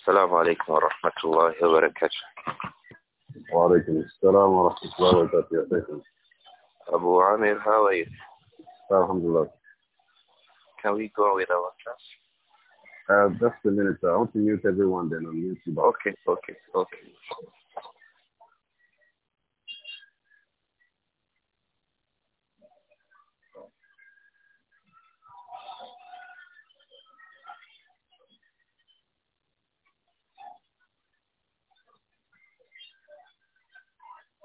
السلام عليكم ورحمة الله وبركاته وعليكم السلام ورحمة الله وبركاته Abu Amir, how are you? Alhamdulillah. Can we go with our class? Uh, just a minute. I want to mute everyone then on YouTube. Okay, okay, okay.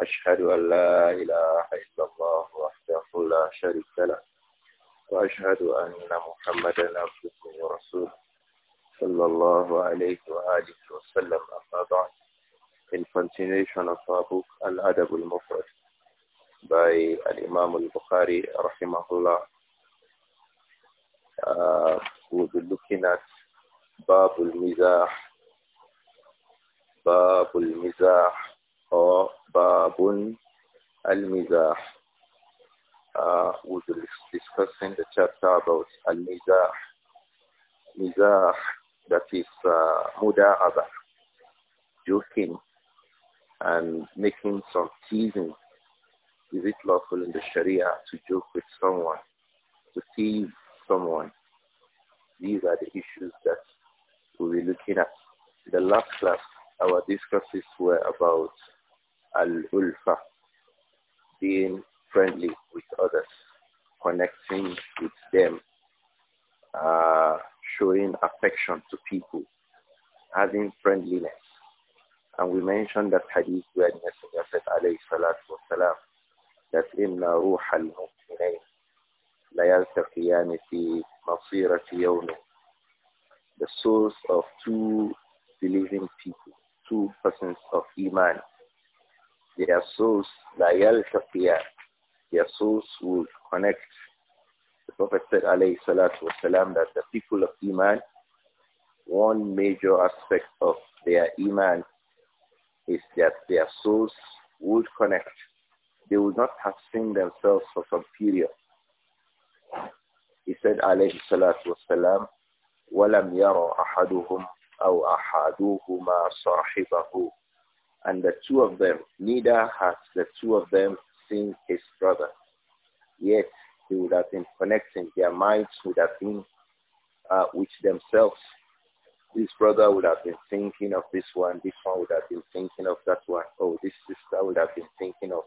أشهد أن لا إله إلا الله وحده لا شريك له وأشهد أن محمدا عبده ورسوله صلى الله عليه وآله وسلم أما بعد In continuation of our book Al-Adab al-Mufrad by Al-Imam al-Bukhari rahimahullah uh, we'll be looking at Bab al-Mizah Bab al-Mizah or Babun Al-Mizah. Uh, we'll be discussing the chapter about Al-Mizah. Mizah, that is uh, joking and making some teasing. Is it lawful in the Sharia to joke with someone, to tease someone? These are the issues that we'll be looking at. The last class, our discussions were about al-ulfa, being friendly with others, connecting with them, uh, showing affection to people, having friendliness. And we mentioned that hadith where the Messenger said, alayhi salatu wasalam, that inna ruha al-mu'minayn la yaltaqiyani fi masirati yawmin. The souls of two believing people, two persons of Iman, their souls, la yaltaqiyah, their souls will connect. The Prophet said, alayhi salatu that the people of Iman, one major aspect of their Iman is that their souls would connect. They would not have seen themselves for some period. He said, alayhi salatu wasalam, وَلَمْ يَرَ أَحَدُهُمْ أَوْ أَحَدُهُمَا صَاحِبَهُ and the two of them, neither has the two of them seen his brother. Yet he would have been connecting, their minds would have been uh, themselves. This brother would have been thinking of this one, this one would have been thinking of that one. Oh, this sister would have been thinking of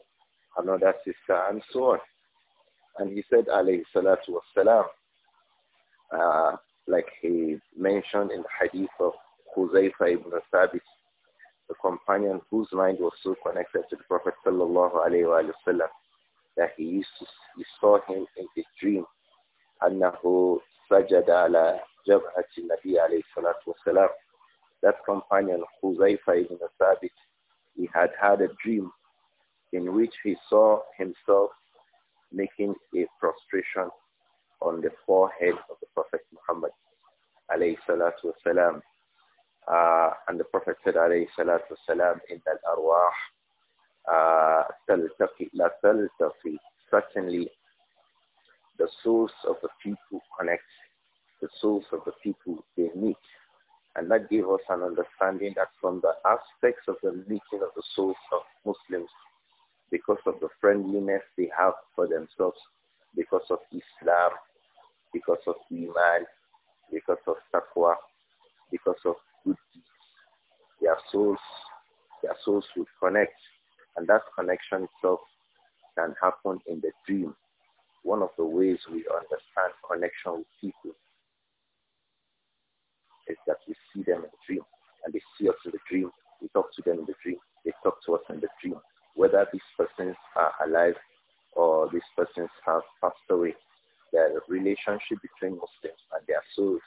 another sister and so on. And he said, alayhi salatu wassalam, uh, like he mentioned in the hadith of Huzaifa ibn Thabit the companion whose mind was so connected to the Prophet sallallahu that he used to, he saw him in his dream. أنه سجد على جبهة النبي عليه الصلاة والسلام. That companion, Huzaifa ibn Thabit, he had had a dream in which he saw himself making a prostration on the forehead of the Prophet Muhammad alayhi salatu wasalam. Uh, and the Prophet said, alayhi salatu salam, in that arwah, taqi." certainly the source of the people connect, the source of the people they meet. And that gave us an understanding that from the aspects of the meeting of the souls of Muslims, because of the friendliness they have for themselves, because of Islam, because of Iman, because of Taqwa, because of their souls, their souls would connect. And that connection itself can happen in the dream. One of the ways we understand connection with people is that we see them in the dream and they see us in the dream. We talk to them in the dream. They talk to us in the dream. Whether these persons are alive or these persons have passed away, the relationship between Muslims and their souls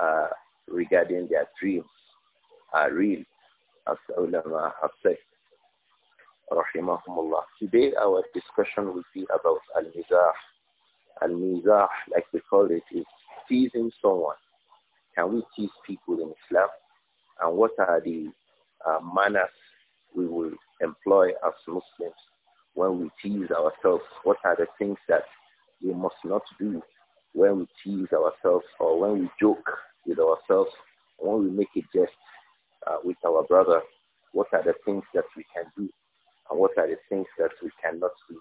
uh, regarding their dreams are real, as ulama have said. Rahimahumullah. Today our discussion will be about al-mizah. Al-mizah, like we call it, is teasing someone. Can we tease people in Islam? And what are the uh, manners we will employ as Muslims when we tease ourselves? What are the things that we must not do when we tease ourselves or when we joke with ourselves when we make a jest uh, with our brother, what are the things that we can do and what are the things that we cannot do?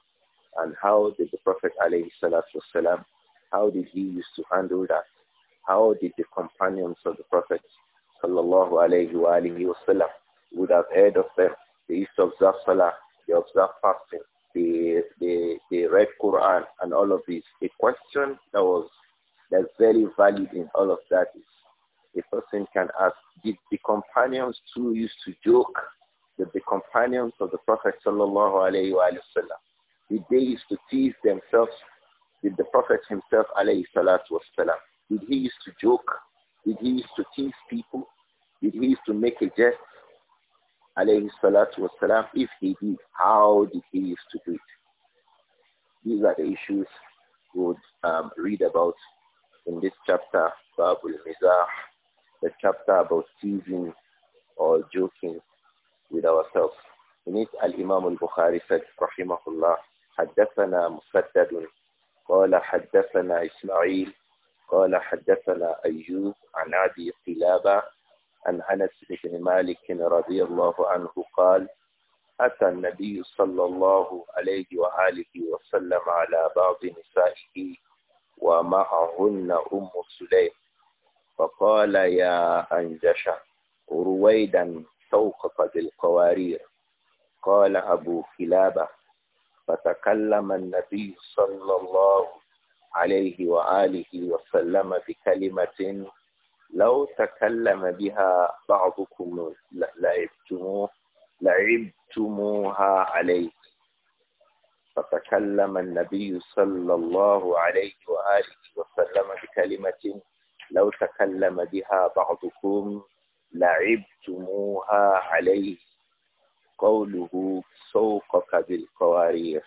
And how did the Prophet والسلام, how did he used to handle that? How did the companions of the Prophet sallallahu alayhi would have heard of them? They used to observe salah, they observe fasting, they, they, they read Quran and all of these A question that was that's very valid in all of that is a person can ask, did the companions too used to joke that the companions of the Prophet sallallahu alayhi wa sallam, did they used to tease themselves? Did the Prophet himself alayhi salatu wasalam, did he used to joke? Did he used to tease people? Did he used to make a jest? Alayhi salatu wasalam, if he did, how did he used to do it? These are the issues we would um, read about in this chapter, Babul Mizah, the chapter about teasing or joking with ourselves. In it, Al-Imam al-Bukhari said, Rahimahullah, حدثنا مسدد قال حدثنا إسماعيل قال حدثنا أيوب عن أبي قلابة عن أنس بن مالك رضي الله عنه قال أتى النبي صلى الله عليه وآله وسلم على بعض نسائه ومعهن أم سليم فقال يا أنجشة رويدا فوق قد القوارير قال أبو كلابة فتكلم النبي صلى الله عليه وآله وسلم بكلمة لو تكلم بها بعضكم لعبتموها عليه فتكلم النبي صلى الله عليه وآله وسلم بكلمة لو تكلم بها بعضكم لعبتموها عليه قوله سوقك بالقوارير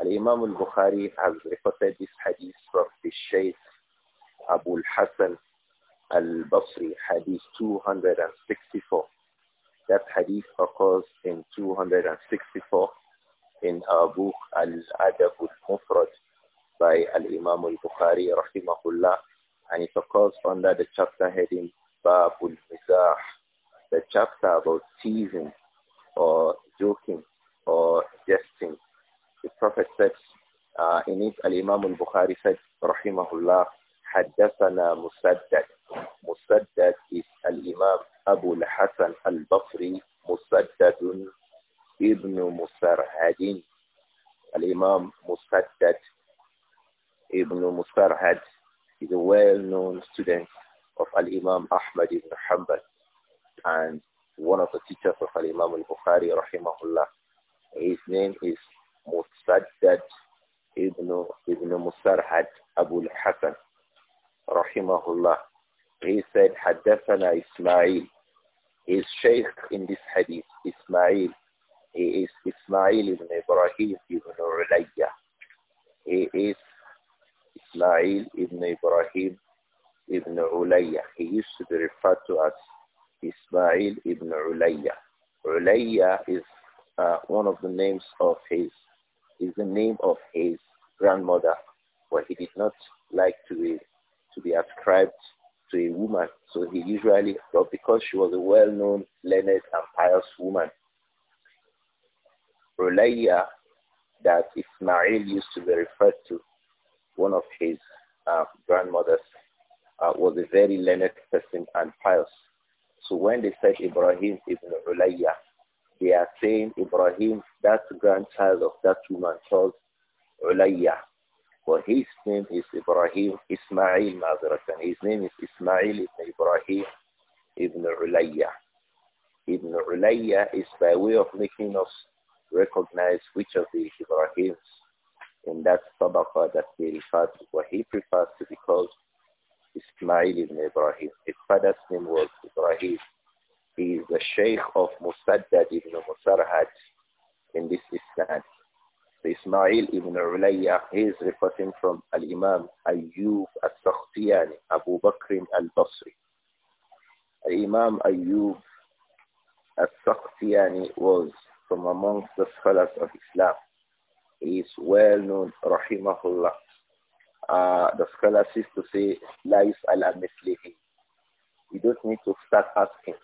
الإمام البخاري has reported this hadith from the Shaykh Abu al al-Basri hadith 264 that hadith occurs in 264 in her book Al-Adab al-Mufrad by Al-Imam al-Bukhari rahimahullah and it occurs under the chapter heading Babul Mizah, the chapter about teasing or joking or jesting. The Prophet said uh, in it, Al-Imam al-Bukhari said, Rahimahullah, حدثنا مسدد مسدد is الإمام أبو al البصري مسدد Ibn Musarhad, Al-Imam Musaddad Ibn Musarhad is a well-known student of Al-Imam Ahmad Ibn Hanbal and one of the teachers of Al-Imam Al-Bukhari rahimahullah. His name is Musaddad Ibn, Ibn Musarhad Abu Al-Hasan rahimahullah. He said, حدثنا إسماعيل. His sheikh in this hadith, Ismail he is Ismail ibn Ibrahim ibn Ulayya. He is Ismail ibn Ibrahim ibn Ulayya. He used to be referred to as Ismail ibn Ulayya. Ulayya is uh, one of the names of his, is the name of his grandmother, but he did not like to be, to be ascribed to a woman. So he usually, but because she was a well-known, learned, and pious woman, Ulayya that Ismail used to be referred to, one of his uh, grandmothers, uh, was a very learned person and pious. So when they said Ibrahim ibn Ulayya, they are saying Ibrahim, that grandchild of that woman called Ulayya. Well, his name is Ibrahim Ismail Mazratan. His name is Ismail ibn Ibrahim ibn Ulayya. Ibn Ulayya is by way of making us recognize which of the Ibrahims in that sabaqah that he refers to, what he prefers to be called Ismail ibn Ibrahim. His father's name was Ibrahim. He is the Sheikh of Musaddad ibn Musarhad in this Isnad. So Ismail ibn Ulayya, he is reporting from Al-Imam Ayyub al-Sakhtiyani, Abu Bakr al-Basri. Al imam Ayyub al-Sakhtiyani was from amongst the scholars of Islam. He is well known, rahimahullah. Uh, the scholars used to say, Lais ala mislihi. You don't need to start asking,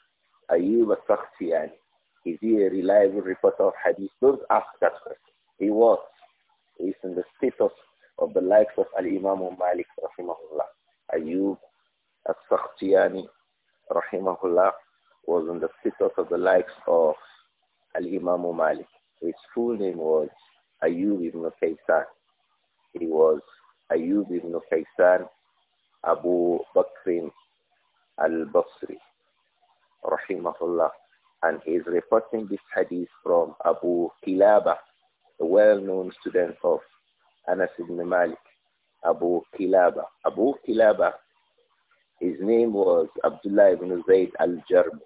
Ayub al-Sakhtiyani, is he a reliable reporter of hadith? Don't ask that question. He was. He's in the status of the likes of Al-Imam Malik, rahimahullah. Ayub al-Sakhtiyani, rahimahullah, was in the status of the likes of Al-Imam Malik. His full name was Ayub ibn Kaysan. He was Ayub ibn Kaysan Abu Bakr al-Basri, rahimahullah. And he is reporting this hadith from Abu Kilaba, a well-known student of Anas ibn Malik, Abu Kilaba. Abu Kilaba, his name was Abdullah ibn Zayd al-Jarm,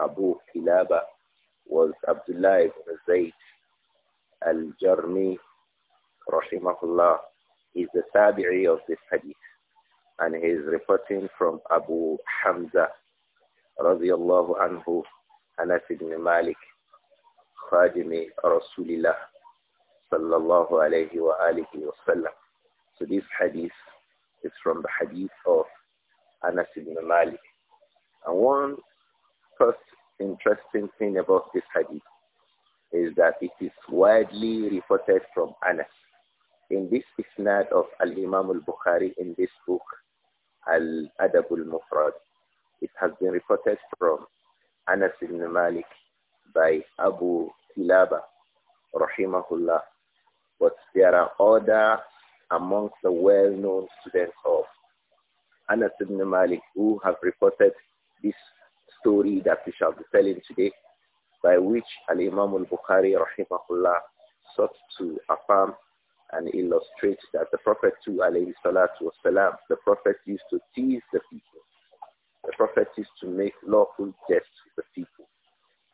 Abu Kilaba was Abdullah ibn Zayd al-Jarmi, rahimahullah. He's the tabi'i of this hadith. And he is reporting from Abu Hamza, radiallahu anhu, Anas ibn Malik, khadimi Rasulillah, sallallahu alayhi wa alihi wa sallam. So this hadith is from the hadith of Anas ibn Malik. And one, first interesting thing about this hadith is that it is widely reported from Anas. In this isnad of Al-Imam al-Bukhari in this book, Al-Adab al-Mufrad, it has been reported from Anas ibn Malik by Abu Kilaba, rahimahullah. But there are other amongst the well-known students of Anas ibn Malik who have reported this story that we shall be telling today by which Al-Imam al-Bukhari rahimahullah sought to affirm and illustrate that the Prophet too, alayhi salatu wasalam, the Prophet used to tease the people. The Prophet used to make lawful jests with the people.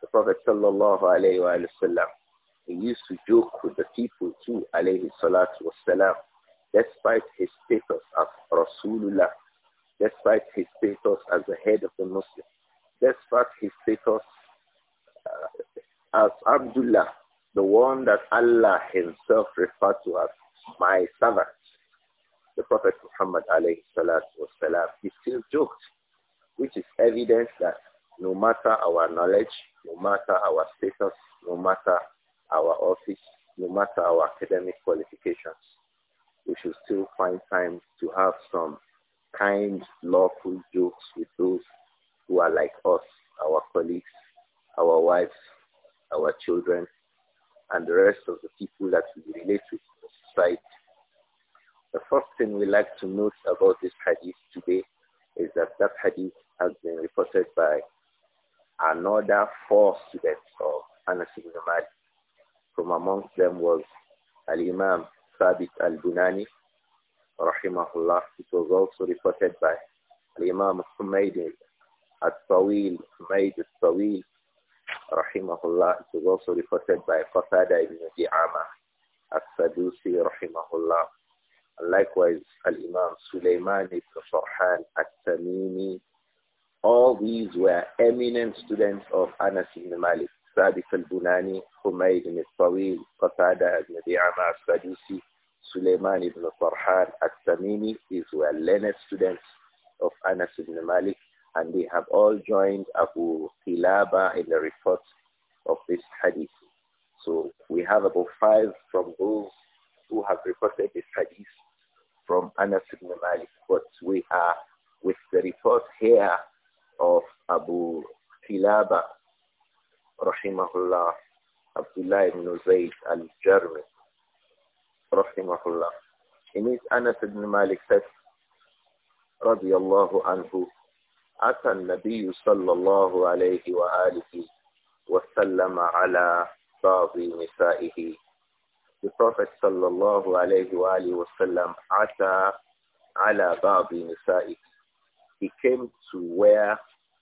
The Prophet sallallahu alayhi wa sallam, he used to joke with the people too, alayhi salatu wasalam, despite his status as Rasulullah, despite his status as the head of the Muslims despite his status uh, as Abdullah, the one that Allah himself referred to as my servant. The Prophet Muhammad alayhi salatu he still joked, which is evidence that no matter our knowledge, no matter our status, no matter our office, no matter our academic qualifications, we should still find time to have some kind, lawful jokes with those who are like us, our colleagues, our wives, our children, and the rest of the people that we relate with in society. The first thing we like to note about this hadith today is that that hadith has been reported by another four students of Anas ibn Malik. From amongst them was Al-Imam Thabit al-Bunani, rahimahullah. It was also reported by Al-Imam Humaydin at-Tawil, Humayd At-Tawil, rahimahullah, it was also reported by Qatada ibn Di'ama, As-Sadusi, rahimahullah. likewise, Al-Imam Sulaiman ibn Farhan At-Tamimi. All these were eminent students of Anas ibn Malik, Sadiq al-Bunani, Humayd ibn Tawil, Qatada ibn Di'ama, As-Sadusi, Sulaiman ibn Farhan At-Tamimi. These were learned students of Anas ibn Malik and they have all joined Abu Silaba in the report of this hadith. So we have about five from those who have reported this hadith from Anas ibn Malik, but we are with the report here of Abu Silaba, rahimahullah, Abdullah ibn Zayd al-Jarmi, rahimahullah. In it, Anas ibn Malik says, رضي الله عنه أتى النبي صلى الله عليه وآله وسلم على بعض نسائه The Prophet صلى الله عليه وآله وسلم أتى على بعض نسائه He came to where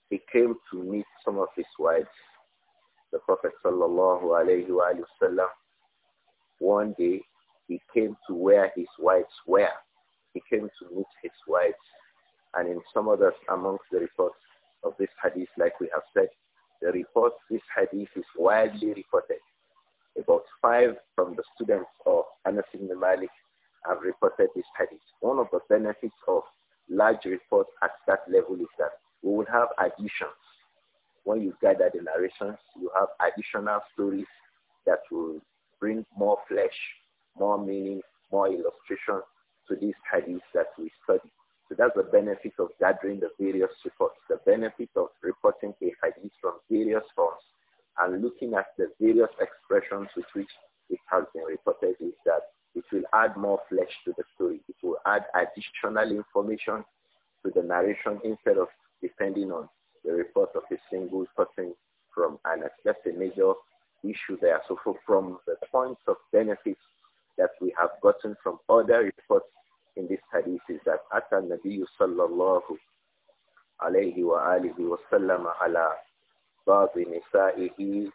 he came to meet some of his wives. The Prophet صلى الله عليه وآله وسلم one day he came to where his wives were. He came to meet his wives. And in some others amongst the reports of this hadith, like we have said, the report, this hadith is widely reported. About five from the students of Anas ibn Malik have reported this hadith. One of the benefits of large reports at that level is that we will have additions. When you gather the narrations, you have additional stories that will bring more flesh, more meaning, more illustration to this hadith that we study. So that's the benefit of gathering the various reports, the benefit of reporting a from various forms and looking at the various expressions with which it has been reported is that it will add more flesh to the story. It will add additional information to the narration instead of depending on the report of a single person from an That's a major issue there. So from the points of benefits that we have gotten from other reports in this hadith is that Ata Nabi sallallahu alayhi wa alihi wa sallam ala بعض نسائه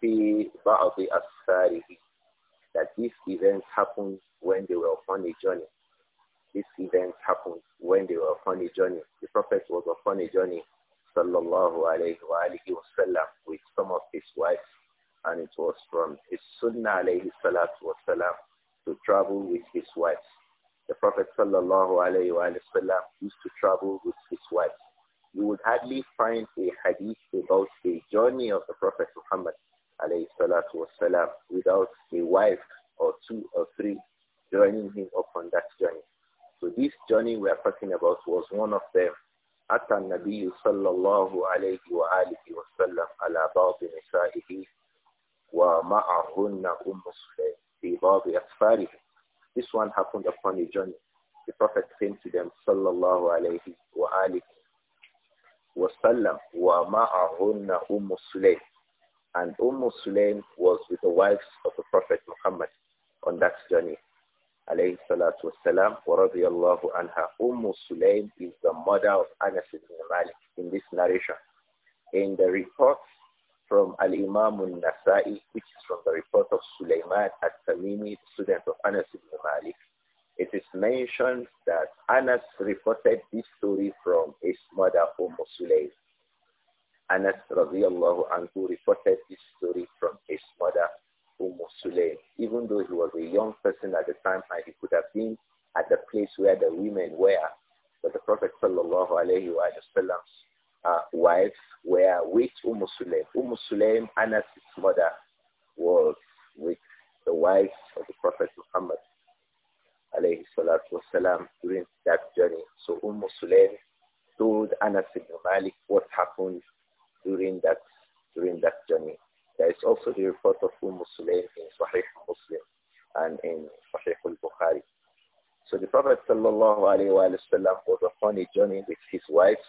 في بعض أسفاره that these events happened when they were upon a journey. These events happened when they were upon a journey. The Prophet was upon a journey, sallallahu alayhi wa alihi wasallam, with some of his wives, and it was from his sunnah alayhi salatu salam to travel with his wives. The Prophet sallallahu alayhi wa sallam used to travel with his wife. You would hardly find a hadith about the journey of the Prophet Muhammad alayhi salatu wasalam without a wife or two or three joining him upon that journey. So this journey we are talking about was one of them. أتى النبي صلى الله عليه وآله وسلم على بعض نسائه ومعهن أم في بعض أسفاره this one happened upon a journey. The Prophet came to them, sallallahu alayhi wa alihi wa sallam, wa ma'ahunna Umm Sulaym. And Umm Sulaym was with the wives of the Prophet Muhammad on that journey, alayhi salatu wasalam, wa radiyallahu anha. Umm Sulaym is the mother of Anas ibn Malik in this narration. In the reports from Al-Imam al-Nasa'i, which is from the report of Sulaiman al-Tamimi, student of Anas ibn Malik, it is mentioned that Anas reported this story from his mother Umm Sulaym. Anas radiallahu anhu reported this story from his mother Umm Sulaym, even though he was a young person at the time and he could have been at the place where the women were. But the Prophet sallallahu alayhi wa sallam uh, wives were with Umm Sulaim. Umm Sulaim, Anas' mother, was with the wives of the Prophet Muhammad alayhi salatu wasalam during that journey. So Umm Sulaim told Anas ibn Malik what happened during that during that journey. There is also the report of Umm Sulaim in Sahih Muslim and in Sahih al-Bukhari. So the Prophet sallallahu alayhi wa sallam was upon a journey with his wives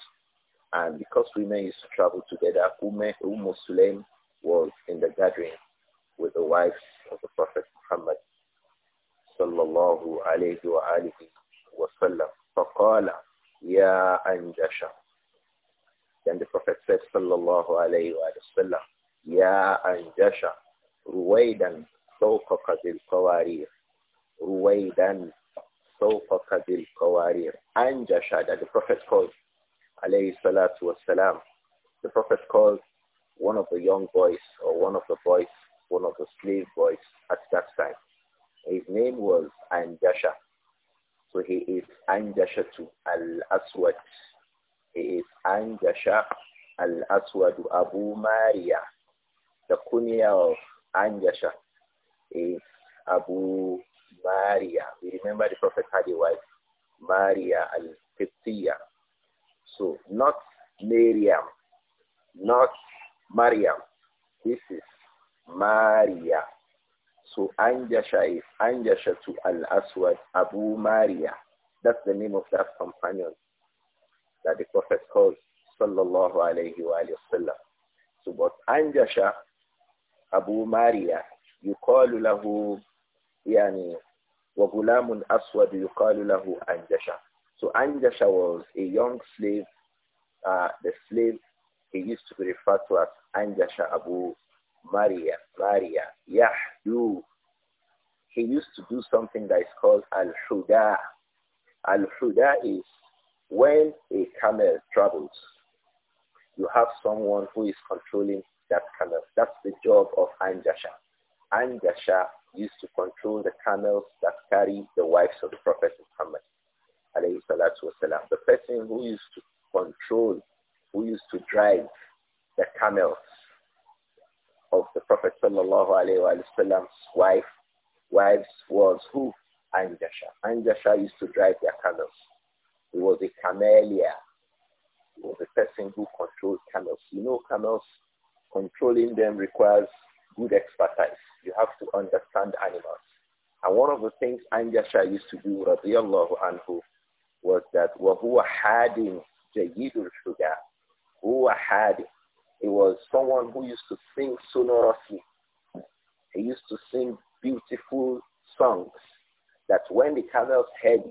and because women used to travel together, Umm, Umm Sulaim was in the gathering with the wives of the Prophet Muhammad sallallahu alayhi wa alihi wa sallam. فقال يا أنجشة Then the Prophet said sallallahu alayhi wa sallam يا أنجشة رويدا فوقك بالقوارير رويدا فوقك بالقوارير أنجشة that the Prophet called alayhi salatu wasalam. The Prophet called one of the young boys or one of the boys, one of the slave boys at that time. His name was Anjasha. So he is to al-Aswad. He is Anjasha al-Aswad Abu Maria. The kunya of Anjasha is Abu Maria. We remember the Prophet had a wife, Maria al-Qibtiyah so not Miriam, not Mariam. This is Maria. So Anjasha is Anjasha to Al-Aswad Abu Maria. That's the name of that companion that the Prophet calls Sallallahu Alaihi Wasallam. So but Anjasha Abu Maria يقال له يعني وغلام أسود يقال له أنجشة so Anjasha was a young slave. Uh, the slave, he used to be referred to as Anjasha Abu Maria, Maria, Yahdu. He used to do something that is called Al-Huda. Al-Huda is when a camel travels, you have someone who is controlling that camel. That's the job of Anjasha. Anjasha used to control the camels that carry the wives of the Prophet Muhammad. The person who used to control, who used to drive the camels of the Prophet sallallahu wife, wives was who? Anjasha. Anjasha used to drive their camels. He was a camelia. He was a person who controlled camels. You know camels, controlling them requires good expertise. You have to understand animals. And one of the things Anjasha used to do, radiallahu anhu, was that وَهُوَ حَادٍ جَيِّدُ Who هُوَ حَادٍ It was someone who used to sing sonorously. He used to sing beautiful songs that when the camels heard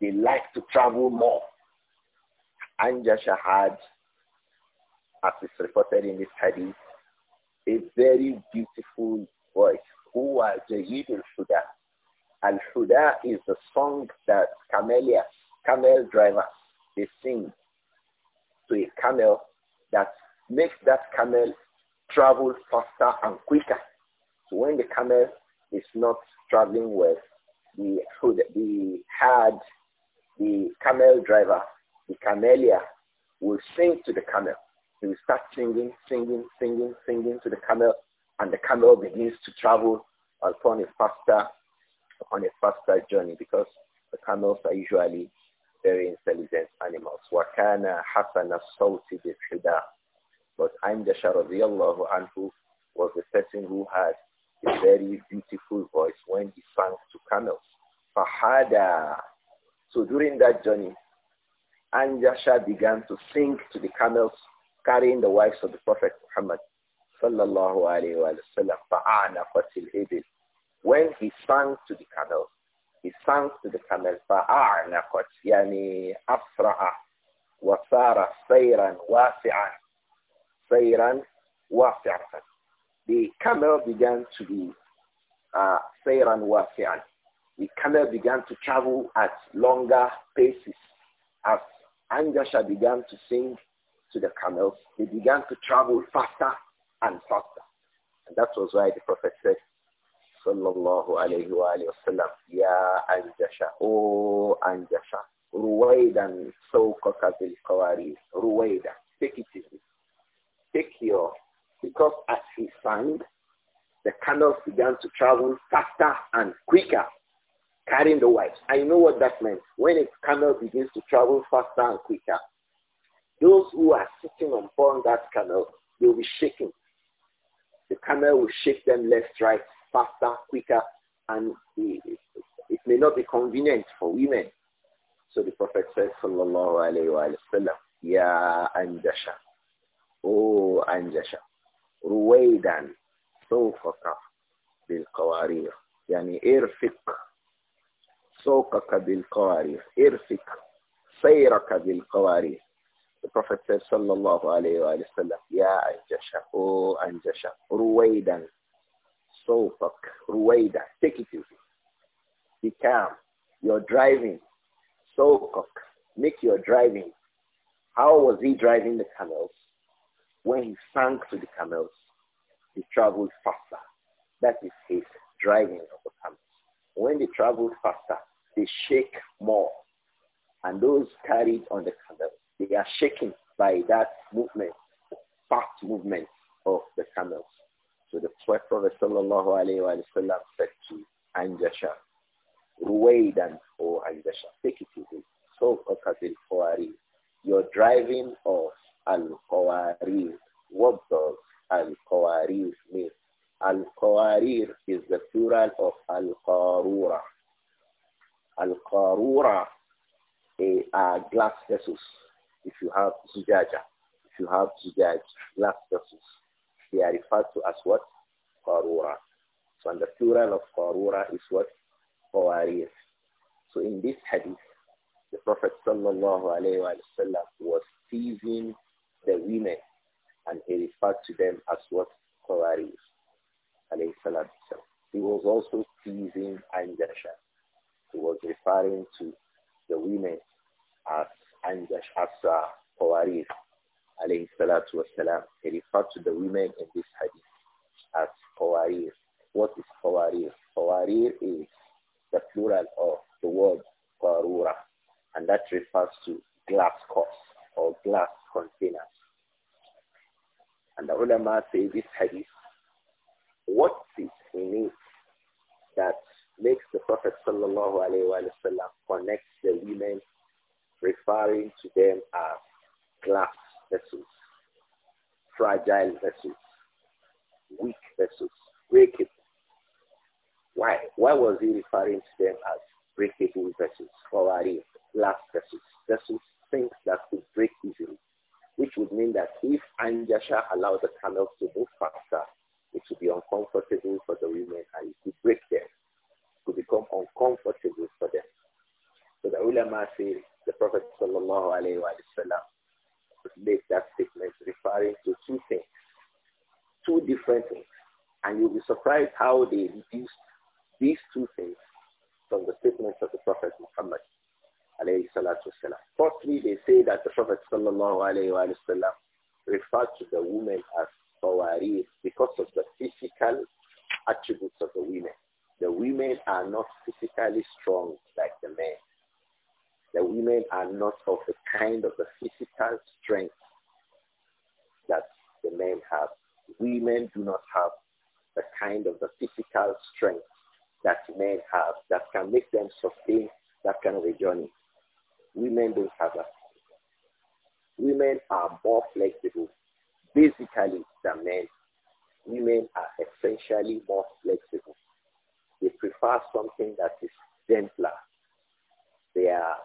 they liked to travel more. Anja Shahad, as is reported in this hadith, a very beautiful voice. Who was Jahid al-Shudah? Al-Huda is the song that camelia, camel driver they sing to a camel that makes that camel travel faster and quicker. So when the camel is not traveling well, the, the hard, the camel driver, the camelia will sing to the camel. He will start singing, singing, singing, singing to the camel, and the camel begins to travel upon a faster on a faster journey because the camels are usually very intelligent animals. وَكَانَ حَسَنَ الصَّوْتِ بِالْحِدَى But Aimdasha radiallahu anhu was the person who had a very beautiful voice when he sang to camels. Fahada. So during that journey, Anjasha began to sing to the camels carrying the wives of the Prophet Muhammad sallallahu alayhi wa sallam. When he sang to the camel, he sang to the camels, فَأَعْنَقَتْ يعني أَفْرَعَ وَصَارَ سَيْرًا وَاسِعًا سَيْرًا وَاسِعًا The camel began to be uh, سَيْرًا وَاسِعًا The camel began to travel at longer paces. As Angasha began to sing to the camels, they began to travel faster and faster. And that was why the prophet said, sallallahu alayhi wa sallam, Ya Anjasha, O Anjasha, Ruwaidan sawqaka bil qawari, Ruwaidan. Take it easy. Take your, because as he sang, the candles began to travel faster and quicker, carrying the wives. I know what that meant. When a candle begins to travel faster and quicker, those who are sitting board that candle, they will be shaking. The candle will shake them left, right, faster, quicker, and it may not be convenient for women. So the Prophet said, Sallallahu Alaihi Wasallam, Ya Anjasha, Oh Anjasha, Ruwaydan, Sawfaka, Bil Qawarir, Yani Irfiq, Sawkaka Bil Qawarir, Irfiq, Sayraka Bil Qawarir. The Prophet said, Sallallahu Alaihi Wasallam, Ya Anjasha, Oh Anjasha, Ruwaydan, صوفك رويدا take it easy be calm you're driving صوفك make your driving how was he driving the camels when he sank to the camels he traveled faster that is his driving of the camels when they travelled faster they shake more and those carried on the camels they are shaken by that movement fast movement of the camels so the Prophet sallallahu alayhi wa sallam said to Anjasha, Ruwaydan, O Anjasha, take it easy. So, Akatil Qawari, you're driving off Al-Qawari. What does Al-Qawari mean? Al-Qawarir is the plural of Al-Qarura. Al-Qarura are glass vessels. If you have Zujaja, if you have Zujaj, glass vessels. They are referred to as what? Qarura. So and the plural of Qarura is what? Qawarir. So in this hadith, the Prophet sallallahu alayhi wa sallam was teasing the women and he referred to them as what? Qawarir. Alayhi salam. He was also teasing Anjasha. He was referring to the women as Anjash, as uh, alayhi salatu wasalam, he referred to the women in this hadith as qawarir. What is qawarir? Qawarir is the plural of the word qarura, and that refers to glass cups or glass containers. And the ulama say this hadith, what is in it that makes the Prophet sallallahu alayhi wa sallam connect the women referring to them as glass vessels, fragile vessels, weak vessels, breakable. Why? Why was he referring to them as breakable vessels, Fawari, glass vessels, vessels, things that could break easily, which would mean that if Anjasha allowed the camels to move faster, it would be uncomfortable for the women and it could break them, it could become uncomfortable for them. So the ulama says, the Prophet sallallahu alayhi wa sallam make that statement referring to two things, two different things. And you'll be surprised how they used these two things from the statements of the Prophet Muhammad. Firstly, they say that the Prophet وسلم, referred to the women as Tawari because of the physical attributes of the women. The women are not physically strong like the men the women are not of the kind of the physical strength that the men have. Women do not have the kind of the physical strength that men have that can make them sustain that kind of a journey. Women don't have that. Women are more flexible basically than men. Women are essentially more flexible. They prefer something that is gentler. They are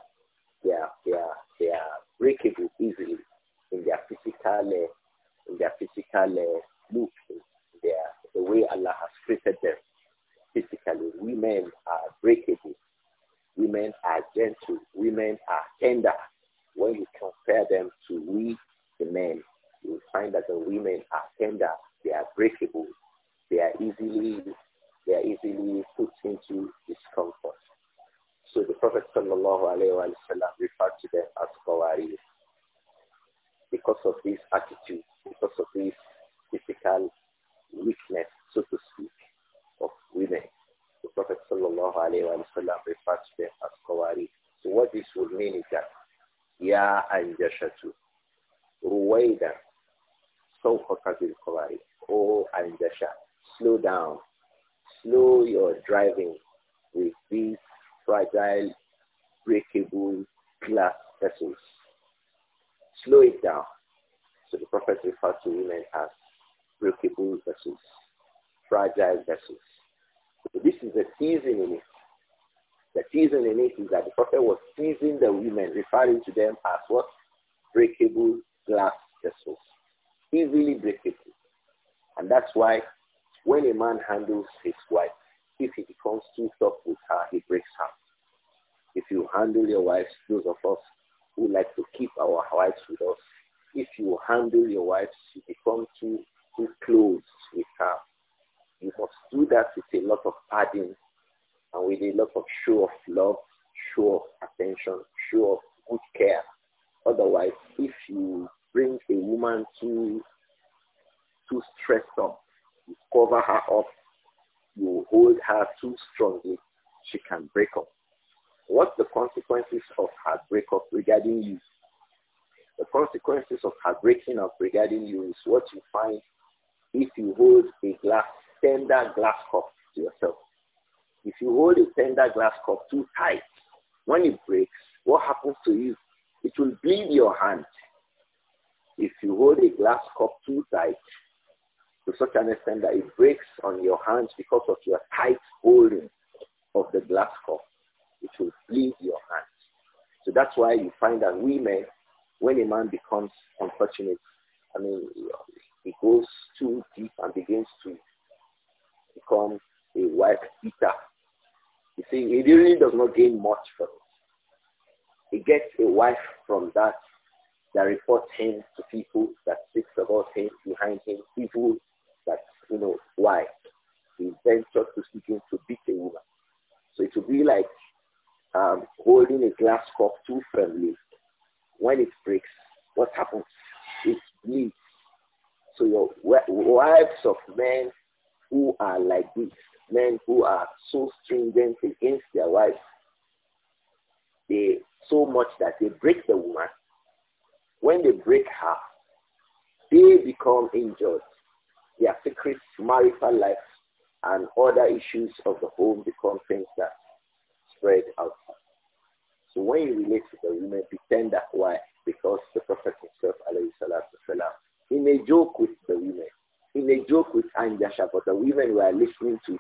are they are breakable easily in their physical eh, in their physical eh, look, eh, their the way Allah has created them physically. Women are breakable. Women are gentle. Women are tender. When you compare them to we, the men, you find that the women are tender. They are breakable. They are easily they are easily put into discomfort. So the Prophet ﷺ referred to them as Qawarib because of this attitude, because of this physical weakness, so to speak, of women. The Prophet ﷺ referred to them as Qawarib. So what this would mean is that Ya Anjashatu Ruwaida Sawqakabil Qawarib Oh Anjasha, slow down. Slow your driving with these fragile, breakable glass vessels. Slow it down. So the prophet refers to women as breakable vessels, fragile vessels. So this is the season in it. The season in it is that the prophet was teasing the women, referring to them as what? Breakable glass vessels. Easily breakable. And that's why when a man handles his wife, if he becomes too tough with her, he breaks her. If you handle your wives, those of us who like to keep our wives with us, if you handle your wives, you become too, too close with her. You must do that with a lot of padding and with a lot of show of love, show of attention, show of good care. Otherwise, if you bring a woman too, too stressed up, you cover her up you hold her too strongly, she can break up. What the consequences of her breakup regarding you? The consequences of her breaking up regarding you is what you find if you hold a glass, tender glass cup to yourself. If you hold a tender glass cup too tight, when it breaks, what happens to you? It will bleed your hand. If you hold a glass cup too tight, to such an extent that it breaks on your hands because of your tight holding of the glass cup. It will bleed your hands. So that's why you find that women, when a man becomes unfortunate, I mean, he goes too deep and begins to become a wife eater. You see, he really does not gain much from it. He gets a wife from that that reports him to people, that speaks about him, behind him, people you know, why he ventured to him to beat a woman. So it would be like um, holding a glass cup too firmly. When it breaks, what happens? It bleeds. So your wives of men who are like this, men who are so stringent against their wives, they so much that they break the woman. When they break her, they become injured their secret marital life and other issues of the home become things that spread outside. So when you relate to the women, pretend that why? Because the Prophet himself, alayhi salatu salam, he may joke with the women. He may joke with Anjasha, but the women were listening to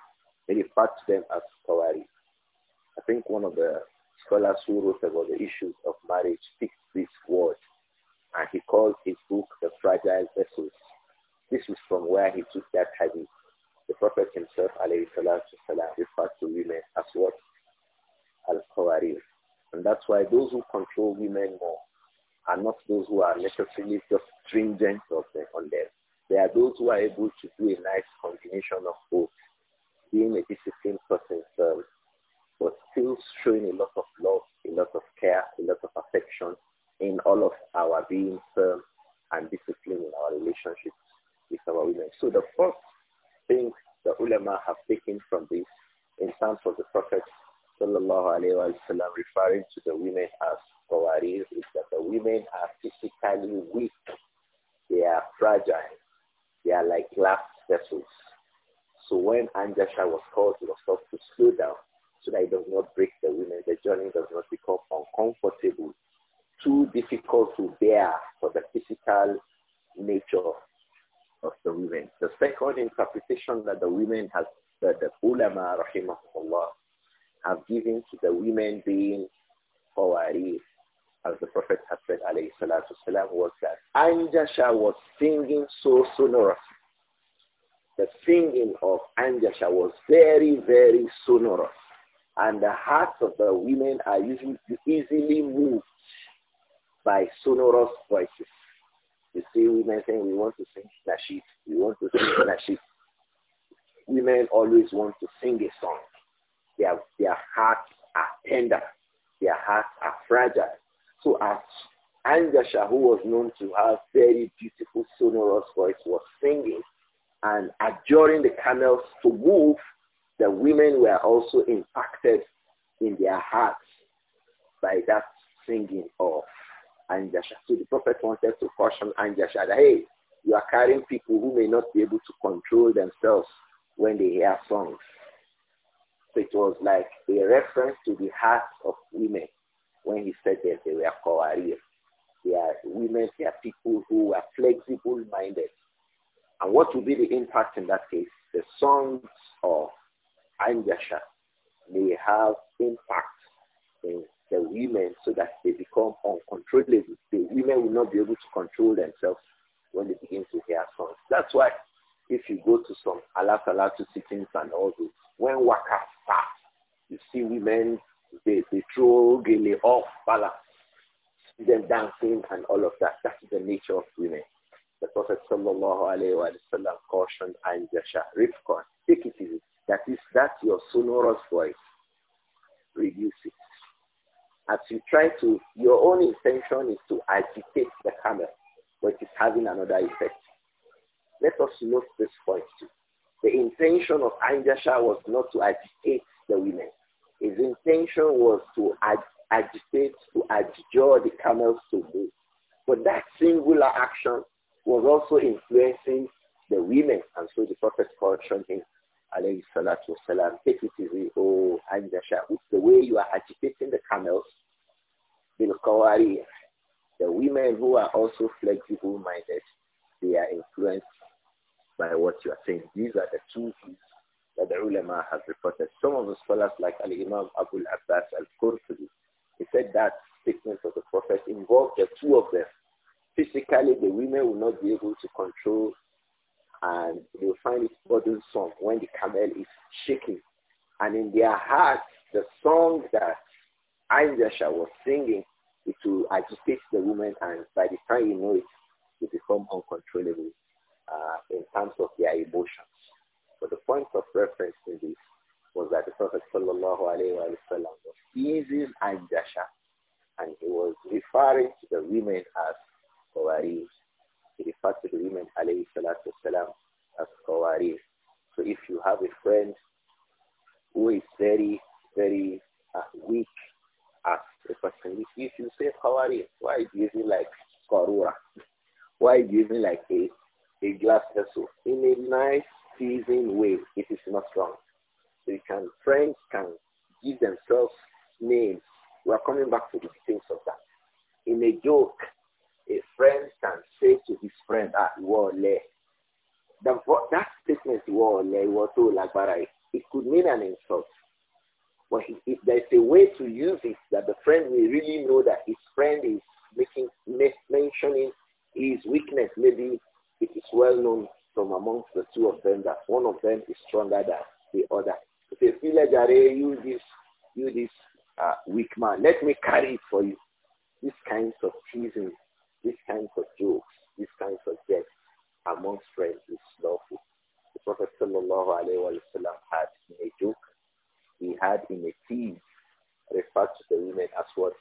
and he referred to them as Kawari. I think one of the scholars who wrote about the issues of marriage picked this word and he called his book The Fragile Vessels this is from where he took that hadith. The Prophet himself, alayhi salatu salam, referred to women as what? Al-Qawarir. And that's why those who control women more are not those who are necessarily just stringent of them, on them. They are those who are able to do a nice combination of both, being a disciplined person first, but still showing a lot of love, a lot of care, a lot of affection in all of our being firm and disciplined in our relationship our women. So the first thing the ulama have taken from this in terms of the Prophet sallallahu referring to the women as qawarir is that the women are physically weak. They are fragile. They are like glass vessels. So when Anjasha was called he was told to slow down so that it does not break the women, the journey does not become uncomfortable, too difficult to bear for the physical nature of the women. The second interpretation that the women has, that the ulama, rahimahullah, have given to the women being hawari, as the Prophet has said, alayhi salatu salam, was that Anjasha was singing so sonorous. The singing of Anjasha was very, very sonorous. And the hearts of the women are usually easily moved by sonorous voices. You see women saying, we want to sing that she, We want to sing that she. Women always want to sing a song. Their, their hearts are tender. Their hearts are fragile. So as Anjasha, who was known to have very beautiful sonorous voice, was singing and adjuring the camels to move, the women were also impacted in their hearts by that singing of Anjasha. So the Prophet wanted to caution Anjasha that, hey, you are carrying people who may not be able to control themselves when they hear songs. So it was like a reference to the hearts of women when he said that they were kawarir. They are women, they are people who are flexible-minded. And what will be the impact in that case? The songs of Anjasha may have impact in the women so that they become uncontrollable. The women will not be able to control themselves when they begin to hear songs. That's why if you go to some alasala to sittings and all those, when waka start, you see women, they, they throw gele off balance, see them dancing and all of that. That is the nature of women. The Prophet sallallahu alayhi wa sallam cautioned Anjasha, Rifkon, take it easy. That is, that's your sonorous voice. Reduce it. As you try to, your own intention is to agitate the camel, but it's having another effect. Let us note this point too. The intention of Anjasha was not to agitate the women. His intention was to ag agitate, to adjure the camels to move. But that singular action was also influencing the women. And so the Prophet cautioned him, alayhi salatu wasalam, take it easy, oh Anjasha, with the way you are agitating the camels, the women who are also flexible-minded, they are influenced by what you are saying. These are the two things that the ulama has reported. Some of the scholars like Al-Imam Abu Abbas Al-Qurtubi, he said that statement of the Prophet involved the two of them. Physically, the women will not be able to control and they will find it burdensome when the camel is shaking. And in their hearts, the song that Anjasha was singing, it will agitate the woman and by the time you know it, you become uncontrollable uh, in terms of their emotions. But the point of reference in this was that the Prophet sallallahu alayhi wa was teasing Anjasha and he was referring to the women as kawari. He referred to the women alayhi salatu wasalam as kawari. So if you have a friend who is very, very uh, weak ask the person, if you say you?" why do you using like Karura? Why do you using like a, a glass vessel? In a nice, pleasing way, it is not wrong. So you can, friends can give themselves names. We are coming back to the things of that. In a joke, a friend can say to his friend, ah, wale. The, that statement, wale, like lagbara, it could mean an insult. But he, if there's a way to use it that the friend will really know that his friend is making mentioning his weakness, maybe it is well known from amongst the two of them that one of them is stronger than the other. If you feel like you this you this uh, weak man, let me carry it for you. These kinds of teasing, these kinds of jokes, these kinds of jokes amongst friends is lawful. The Prophet sallallahu alaihi wasallam had a joke he had in a team referred to the women as what?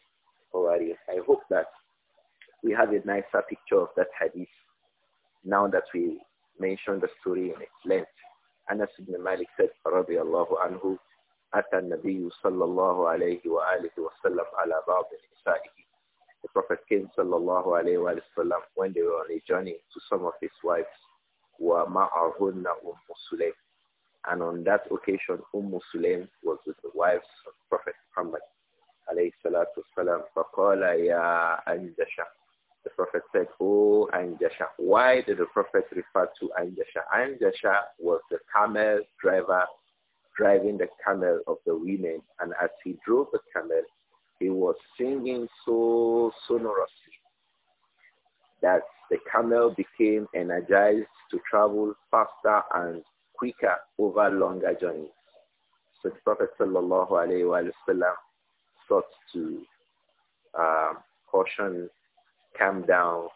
Hawariya. I hope that we have a nicer picture of that hadith now that we mentioned the story in its length. Anas ibn Malik said, رضي الله عنه, أتى النبي صلى الله عليه وآله وسلم على بعض نسائه. The Prophet came صلى الله عليه وسلم when they were on a journey to some of his wives. ومعهن أم سليم and on that occasion, Umm Sulaim was with the wives of Prophet Muhammad The Prophet said, Oh Anjasha. Why did the Prophet refer to Anjasha? Anjasha was the camel driver driving the camel of the women. And as he drove the camel, he was singing so sonorously that the camel became energized to travel faster and quicker over longer journeys. So the Prophet sallallahu alayhi wa sallam sought to uh, caution, calm down,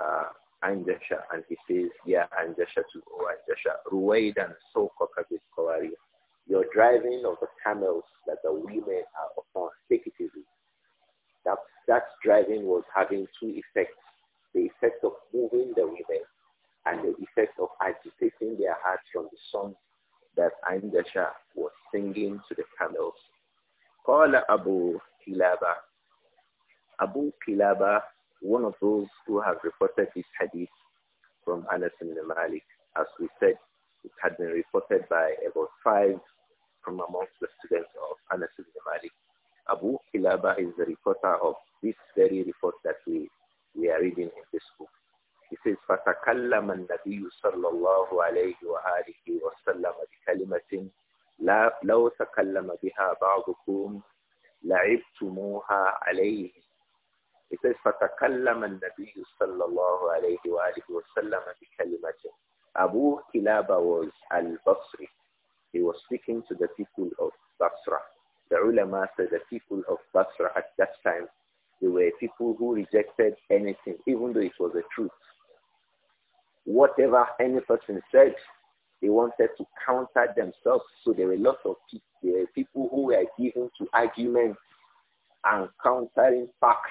uh, Anjasha, and he says, yeah, Anjasha to O Anjasha, Ruwaidan Sokaka Biskawari. Your driving of the camels that the women are upon, take it easy. That, that driving was having two effects. The effect of moving the women and the effect of agitating their hearts from the song that Aindasha was singing to the camels. Qala Abu Kilaba. Abu Kilaba, one of those who have reported this hadith from Anas ibn Malik. As we said, it had been reported by about five from amongst the students of Anas ibn Malik. Abu Kilaba is the reporter of this very report that we, we are reading in this book. He says, فَتَكَلَّمَ النَّبِيُّ صَلَّى اللَّهُ عَلَيْهِ وَآلِهِ وَسَلَّمَ بِكَلِمَةٍ لو تكلم بها بعضكم لعبتموها عليه It says, فتكلم النبي صلى الله عليه وآله وسلم بكلمة Abu Kilaba was al-Basri. He was speaking to the people of Basra. The ulama said the people of Basra at that time, they were people who rejected anything, even though it was the truth whatever any person said, they wanted to counter themselves. So there were lots of people, people who were given to arguments and countering facts.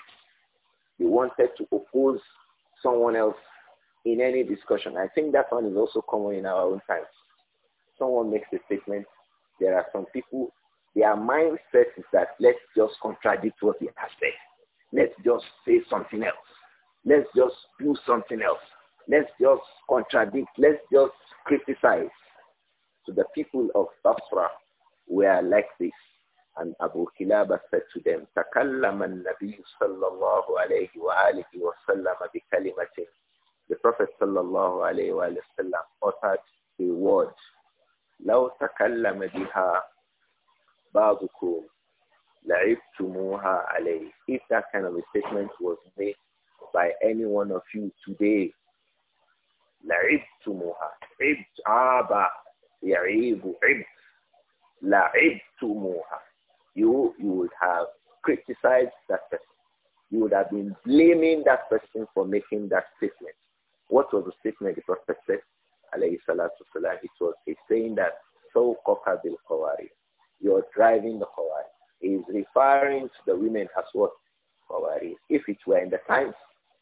They wanted to oppose someone else in any discussion. I think that one is also common in our own times. Someone makes a statement. There are some people, their mindset is that let's just contradict what he has said. Let's just say something else. Let's just do something else. Let's just contradict. Let's just criticize. So the people of Basra were like this. And Abu Kilaba said to them, تَكَلَّمَ النَّبِيُّ صَلَّى اللَّهُ عَلَيْهِ وَآلِهِ وَسَلَّمَ بِكَلِمَةٍ The Prophet sallallahu alayhi wa sallam uttered a word. لَوْ تَكَلَّمَ بِهَا بَعْضُكُمْ لَعِبْتُمُوهَا عَلَيْهِ If that kind of a statement was made by any one of you today, لعبتموها عبت عابا يعيب عبت لعبتموها You, you would have criticized that person. You would have been blaming that person for making that statement. What was the statement the Prophet said? Alayhi salatu salam. It was a saying that so bil kawari. You're driving the kawari. He's referring to the women as what? Kawari. If it were in the times,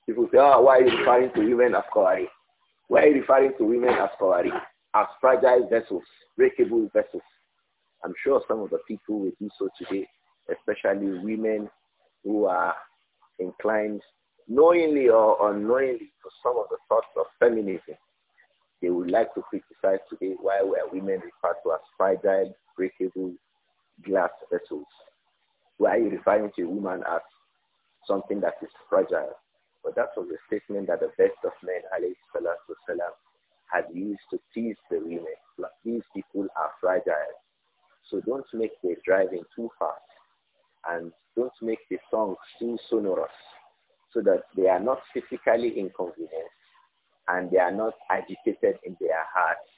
people say, oh, why are you referring to women as kawari? Why are referring to women as kawari, as fragile vessels, breakable vessels. I'm sure some of the people will do so today, especially women who are inclined knowingly or unknowingly to some of the thoughts of feminism. They would like to criticize today why were women referred to as fragile, breakable glass vessels. Why are you referring to a woman as something that is fragile? But that was a statement that the best of men, Ali, salatu had used to tease the women. Like, these people are fragile. So don't make the driving too fast and don't make the songs too sonorous so that they are not physically inconvenienced and they are not agitated in their hearts.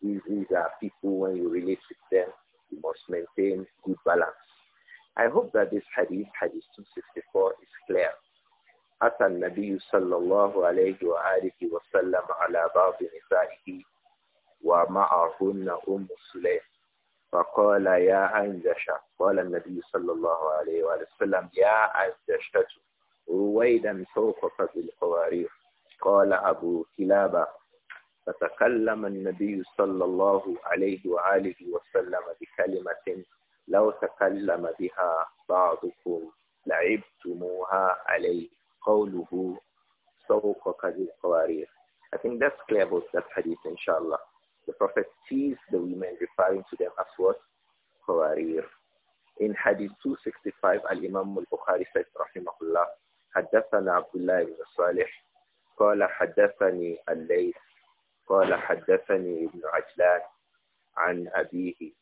These, these are people, when you relate with them, you must maintain good balance. I hope that this hadith, hadith 264, is clear. أتى النبي صلى الله عليه وآله وسلم على بعض نسائه ومعهن أم سليم فقال يا أنجشة قال النبي صلى الله عليه وآله وسلم يا أنجشة رويدا فوق في القوارير قال أبو كلابة فتكلم النبي صلى الله عليه وآله وسلم بكلمة لو تكلم بها بعضكم لعبتموها عليه قوله سوق قوارير I think that's clear about that hadith, inshallah. The Prophet sees the women referring to them as what? Qawarir. In hadith 265, Al-Imam al-Bukhari said, rahimahullah, حدثنا عبد الله بن صالح قال حدثني الليث قال حدثني ابن عجلان عن أبيه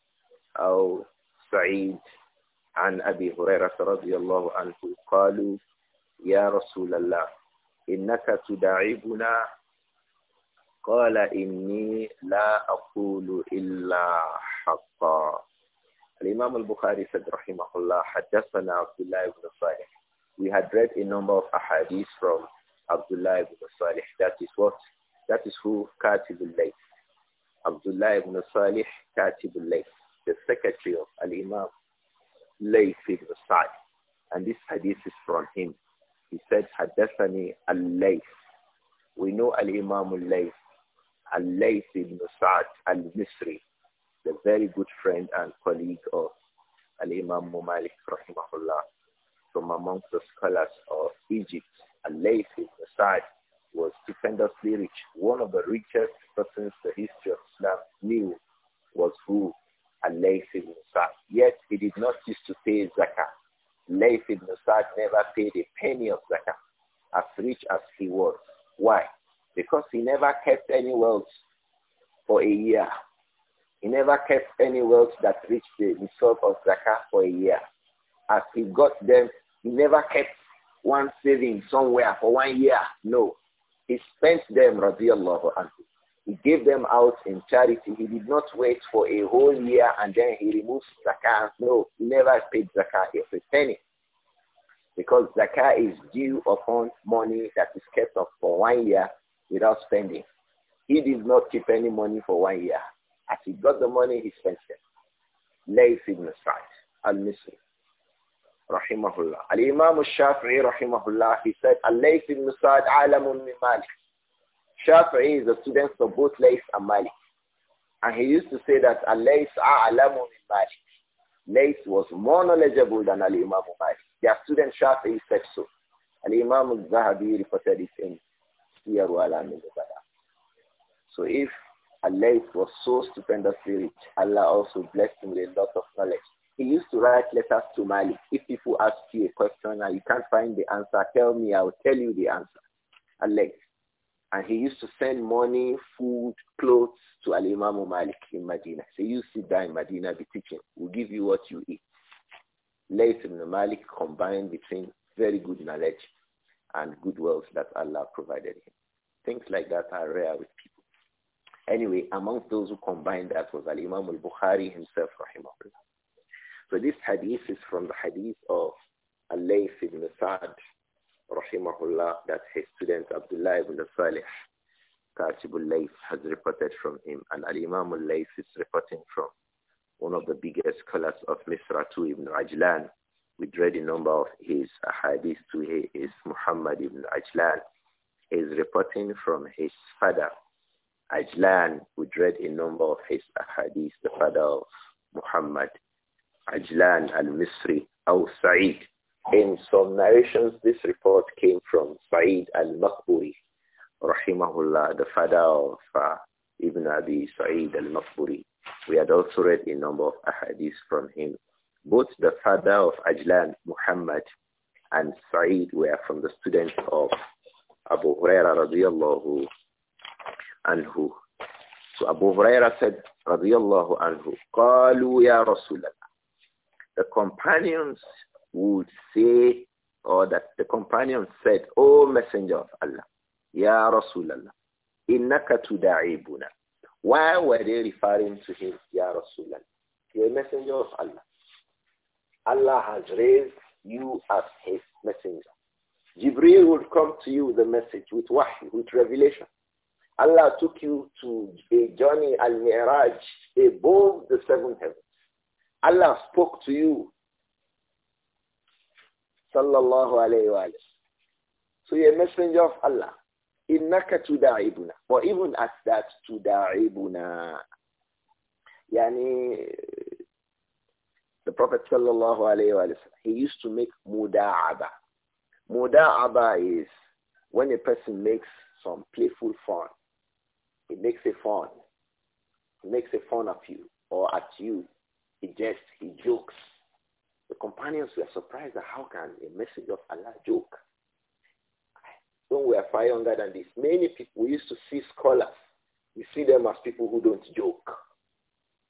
أو سعيد عن أبي هريرة رضي الله عنه قالوا يا رسول الله إنك تداعبنا قال إني لا أقول إلا حقا الإمام البخاري said رحمه الله حدثنا عبد الله بن صالح We had read a number of ahadith from Abdullah ibn Salih. That is what? That is who al Layth. Abdullah ibn Salih al Layth, the secretary of Al-Imam Layth ibn sa And this hadith is from him. He said, Haddathani al-Layth. We know al-Imam al-Layth. Al-Layth ibn Sa'd al-Misri, the very good friend and colleague of al-Imam Malik rahimahullah from amongst the scholars of Egypt. Al-Layth ibn Sa'd was stupendously rich. One of the richest persons the history of Islam knew was who? Al-Layth ibn Sa'd. Yet he did not used to pay zakat Layth ibn never paid a penny of zakat, as rich as he was. Why? Because he never kept any wealth for a year. He never kept any wealth that reached the result of zakat for a year. As he got them, he never kept one saving somewhere for one year. No. He spent them, radiallahu anhu. He gave them out in charity. He did not wait for a whole year and then he removes zakah. No, he never paid zakah if a penny. Because zakah is due upon money that is kept up for one year without spending. He did not keep any money for one year. As he got the money, he spent it. Lays ibn sa al-Misri, rahimahullah. Al-Imam al-Shafi'i, rahimahullah, he said, Al-Lays ibn Sa'd alamun min malik. Shafi'i is a student of both Lays and Malik. And he used to say that Lays Malik. Lays was more knowledgeable than Ali imam Malik. Their student Shafi'i said so. Ali imam zahabi reported it in Siyar Alam So if Lays was so stupendously rich, Allah also blessed him with a lot of knowledge. He used to write letters to Malik. If people ask you a question and you can't find the answer, tell me, I will tell you the answer. Al-Lays. And he used to send money, food, clothes to Al-Imam Malik in Medina. So you sit down in Medina, be teaching. We'll give you what you eat. Layth ibn Malik combined between very good knowledge and good wealth that Allah provided him. Things like that are rare with people. Anyway, amongst those who combined that was Al-Imam al-Bukhari himself, rahimahullah. So this hadith is from the hadith of Al-Layth ibn Sa'd rahimahullah, that his student Abdullah ibn Salih, Katibul Layth, has reported from him. And Al-Imam al-Layth is reporting from one of the biggest scholars of Misratu ibn Ajlan. We read a number of his hadith to his Muhammad ibn Ajlan. He is reporting from his father, Ajlan, we read a number of his hadith, the father of Muhammad, Ajlan al-Misri, Aw Sa'id, in some narrations, this report came from Sa'id al-Maqburi, rahimahullah, the father of uh, Ibn Abi Sa'id al-Maqburi. We had also read a number of ahadith from him. Both the father of Ajlan, Muhammad, and Sa'id were from the students of Abu Huraira radiallahu anhu. So Abu Huraira said, radiallahu anhu, قالوا يا رسول الله. The companions would say or that the companion said, O Messenger of Allah, Ya Rasulallah, innaka tuda'ibuna. Why were they referring to him, Ya Rasulallah? You're a messenger of Allah. Allah has raised you as his messenger. Jibril would come to you with a message, with wahy, with revelation. Allah took you to a journey, al-Mi'raj, above the seven heavens. Allah spoke to you Sallallahu alayhi wa So you're a messenger of Allah. Innaka tuda'ibuna. Or even at that, tuda'ibuna. Yani, the Prophet sallallahu alayhi wa he used to make muda'aba. Muda'aba is when a person makes some playful fun. He makes a fun. He makes a fun of you or at you. He jests, he jokes. The companions were surprised that how can a message of Allah joke? When we are far younger than this, many people, we used to see scholars. We see them as people who don't joke.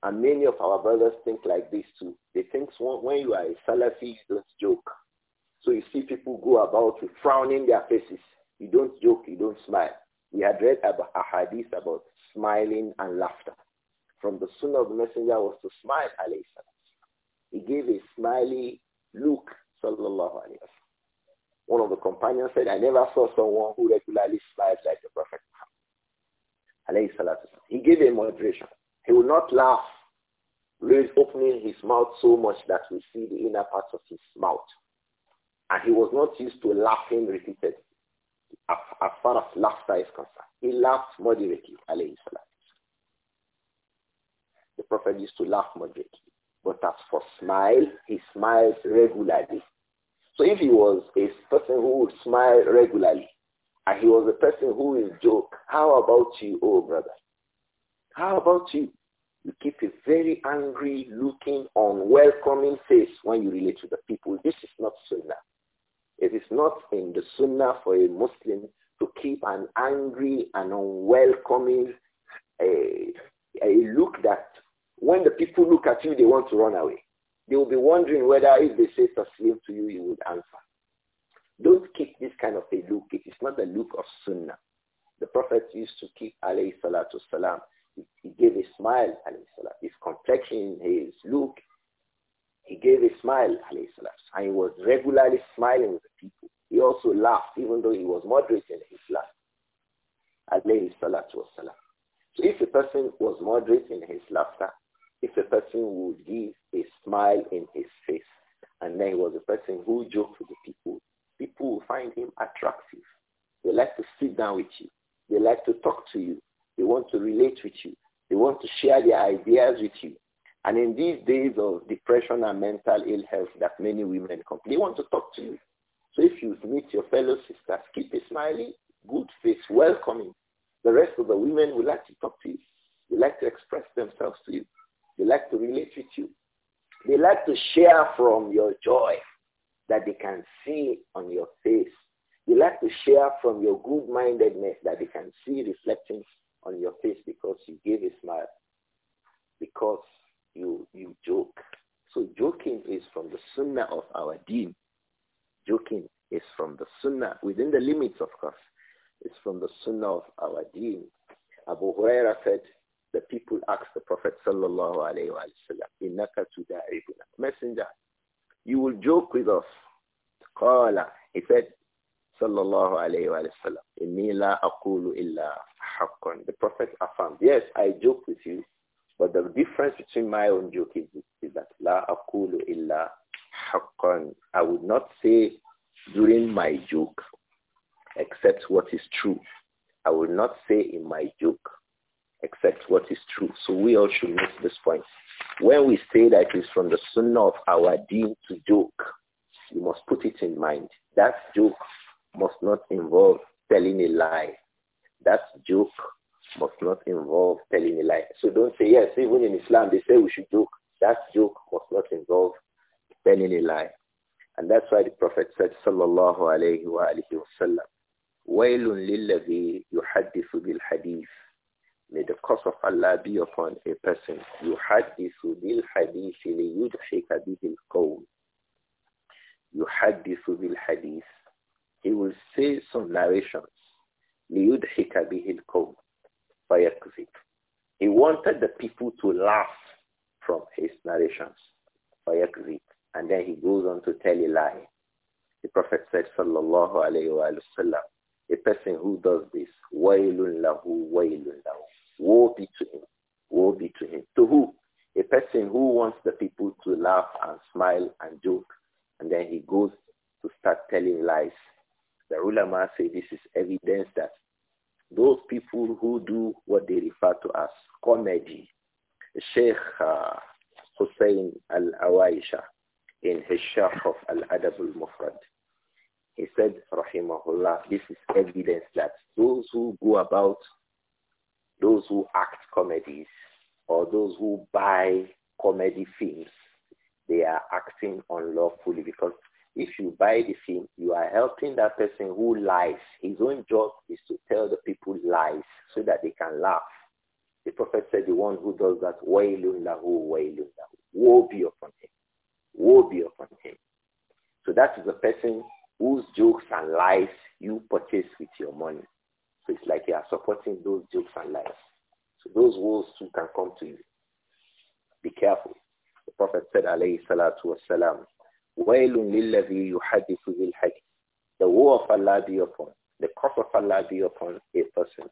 And many of our brothers think like this too. They think when you are a Salafi, you don't joke. So you see people go about with frowning their faces. You don't joke, you don't smile. We had read about a hadith about smiling and laughter. From the sunnah of the messenger was to smile, alayhi salam. He gave a smiley look, sallallahu alayhi wa One of the companions said, I never saw someone who regularly smiles like the Prophet Muhammad. He gave a moderation. He would not laugh, raise opening his mouth so much that we see the inner parts of his mouth. And he was not used to laughing repeatedly as far as laughter is concerned. He laughed moderately, The Prophet used to laugh moderately. But as for smile, he smiles regularly. So if he was a person who would smile regularly, and he was a person who is joke, how about you, oh brother? How about you? You keep a very angry looking, unwelcoming face when you relate to the people. This is not sunnah. It is not in the sunnah for a Muslim to keep an angry and unwelcoming eh, a look that when the people look at you, they want to run away. They will be wondering whether if they say something to you, you would answer. Don't keep this kind of a look. It is not the look of sunnah. The Prophet used to keep alayhi salatu salam. He, he gave a smile, alayhi salam. His complexion, his look, he gave a smile, alayhi salam. And he was regularly smiling with the people. He also laughed, even though he was moderate in his laugh, alayhi salatu salam. So if a person was moderate in his laughter, if a person would give a smile in his face, and then he was a person who joked with the people, people will find him attractive. They like to sit down with you. They like to talk to you. They want to relate with you. They want to share their ideas with you. And in these days of depression and mental ill health that many women complain, they want to talk to you. So if you meet your fellow sisters, keep a smiley, good face, welcoming. The rest of the women will like to talk to you. They like to express themselves to you. They like to relate with you. They like to share from your joy that they can see on your face. They like to share from your good-mindedness that they can see reflecting on your face because you gave a smile, because you, you joke. So joking is from the sunnah of our deen. Joking is from the sunnah, within the limits of course, It's from the sunnah of our deen. Abu Huraira said, the people asked the Prophet sallallahu alayhi wa sallam, Messenger, you will joke with us. قَالَ He said, sallallahu alayhi wa sallam, إِنِّي لَا أَقُولُ إِلَّا حَقًّا The Prophet affirmed, yes, I joke with you, but the difference between my own joke is, is that La أَقُولُ illa حَقًّا I would not say during my joke except what is true. I will not say in my joke except what is true. So we all should make this point. When we say that it's from the sunnah of our deen to joke, you must put it in mind. That joke must not involve telling a lie. That joke must not involve telling a lie. So don't say, yes, even in Islam, they say we should joke. That joke must not involve telling a lie. And that's why the Prophet said, sallallahu alayhi wa alihi wa sallam, وَيْلٌ لِلَّذِي يُحَدِّثُ بِالْحَدِيثِ May the curse of Allah be upon a person. You this bil hadith liyudhika bihil qawm. You hadithu bil hadith. He will say some narrations. Liyudhika bihil qawm. Fayakzik. He wanted the people to laugh from his narrations. Fayakzik. And then he goes on to tell a lie. The Prophet said, sallallahu alayhi wasallam, a person who does this, wailun lahu, wailun lahu. Woe be to him. Woe be to him. To who? A person who wants the people to laugh and smile and joke, and then he goes to start telling lies. The ulama say this is evidence that those people who do what they refer to as comedy, Sheikh uh, Hussein al-Awaisha in his Sharh of Al-Adab al-Mufrad, he said, rahimahullah, this is evidence that those who go about those who act comedies or those who buy comedy films, they are acting unlawfully because if you buy the film, you are helping that person who lies. His own job is to tell the people lies so that they can laugh. The prophet said, the one who does that, wailun lahu, wailun lahu. Woe be upon him. Woe be upon him. So that is the person whose jokes and lies you purchase with your money. So it's like you are supporting those jokes and lies. So those wolves too can come to you. Be careful. The Prophet said, alayhi salatu wasalam, وَيْلٌ لِلَّذِي يُحَدِّثُ بِالْحَدِّ The woe of Allah be upon, the curse of Allah be upon a person.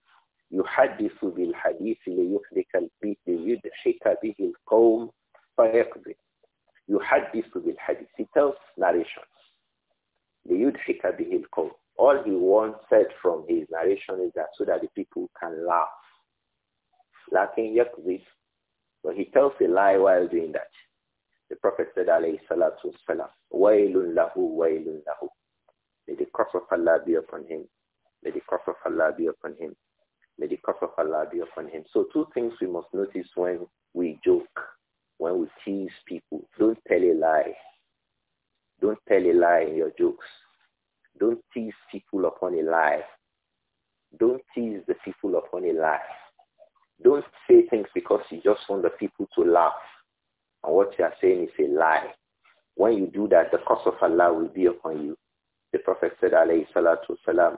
يُحَدِّثُ بِالْحَدِيثِ لِيُحْدِكَ لِيُدْحِكَ بِهِ الْقَوْمِ فَيَقْضِي يُحَدِّثُ بِالْحَدِيثِ He tells narrations. لِيُدْحِكَ بِهِ الْقَوْمِ all he wanted from his narration is that so that the people can laugh. yet with, But he tells a lie while doing that. The Prophet said, alayhi salatu wasalam, wailun lahu, wailun lahu. May the curse of Allah be upon him. May the curse of Allah be upon him. May the curse of Allah be upon him. So two things we must notice when we joke, when we tease people. Don't tell a lie. Don't tell a lie in your jokes. Don't tease people upon a lie. Don't tease the people upon a lie. Don't say things because you just want the people to laugh. And what you are saying is a lie. When you do that, the curse of Allah will be upon you. The Prophet said, alayhi salatu salam,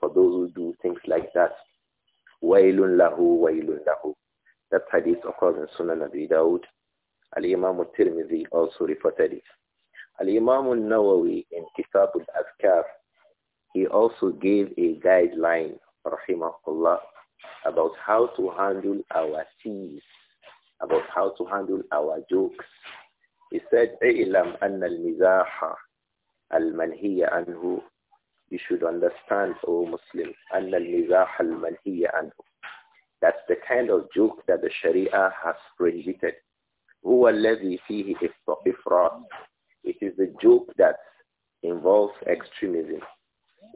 for those who do things like that, wailun lahu, wailun lahu. That hadith occurs in Sunan Abi Dawud. Al-Imam al-Tirmidhi also reported it. Al-Imam al-Nawawi in Kitab al-Azkar, he also gave a guideline, rahimahullah, about how to handle our seas, about how to handle our jokes. He said, "Ilam al الْمِزَاحَ الْمَنْهِيَ anhu." You should understand, O Muslim, al الْمِزَاحَ الْمَنْهِيَ anhu. That's the kind of joke that the Sharia has prohibited. هو الذي فيه إفراط it is the joke that involves extremism.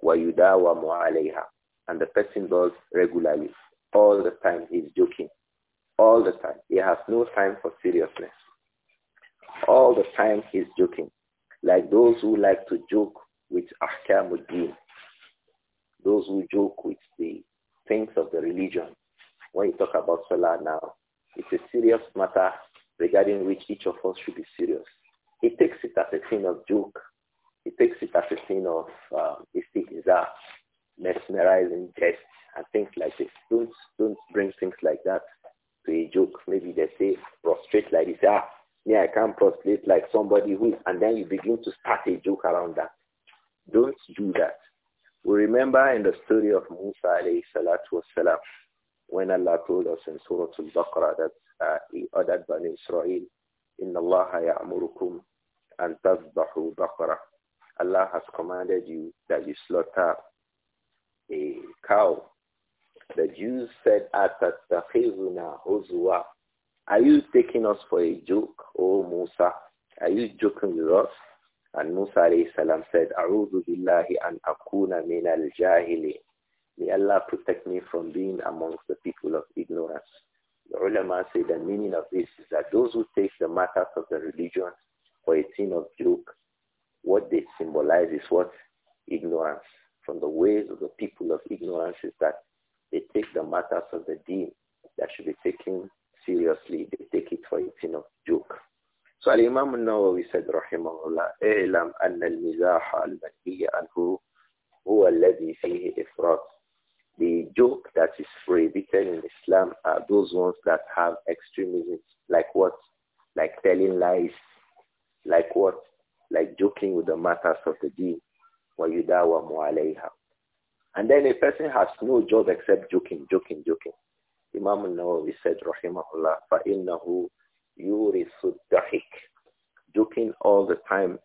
وَيُدَاوَمُ And the person does regularly, all the time. He's joking, all the time. He has no time for seriousness. All the time he's joking. Like those who like to joke with ahkamuddin, those who joke with the things of the religion. When you talk about Salah now, it's a serious matter regarding which each of us should be serious he takes it as a thing of joke. He takes it as a thing of uh, um, istighza, mesmerizing jest, and things like this. Don't, don't bring things like that to a joke. Maybe they say, prostrate like this. Ah, yeah, I can't prostrate like somebody who is. And then you begin to start a joke around that. Don't do that. We remember in the story of Musa alayhi salatu wasalam, when Allah told us in Surah Al-Baqarah that uh, he ordered Bani Israel إِنَّ اللَّهَ يَأْمُرُكُمْ أَن تَذْبَحُوا Allah has commanded you that you slaughter a cow. The Jews said, أَتَتَّخِذُنَا هُزُوًا Are you taking us for a joke, O Musa? Are you joking with us? And Musa alayhi salam said, أَعُوذُ بِاللَّهِ أَنْ أَكُونَ مِنَ الْجَاهِلِينَ May Allah protect me from being amongst the people of ignorance. The ulama say the meaning of this is that those who take the matters of the religion for a thing of joke, what they symbolize is what? Ignorance. From the ways of the people of ignorance is that they take the matters of the deen that should be taken seriously. They take it for a thing of joke. So Al-Imam al-Nawawi said, Rahimahullah, اعلم أن المزاح المنهي عنه هو الذي فيه إفراط the joke that is prohibited in Islam are those ones that have extremism, like what? Like telling lies, like what? Like joking with the matters of the deen. And then a person has no job except joking, joking, joking. Imam al-Nawawi said, rahimahullah, فَإِنَّهُ يُورِثُ الدَّحِكِ Joking all the time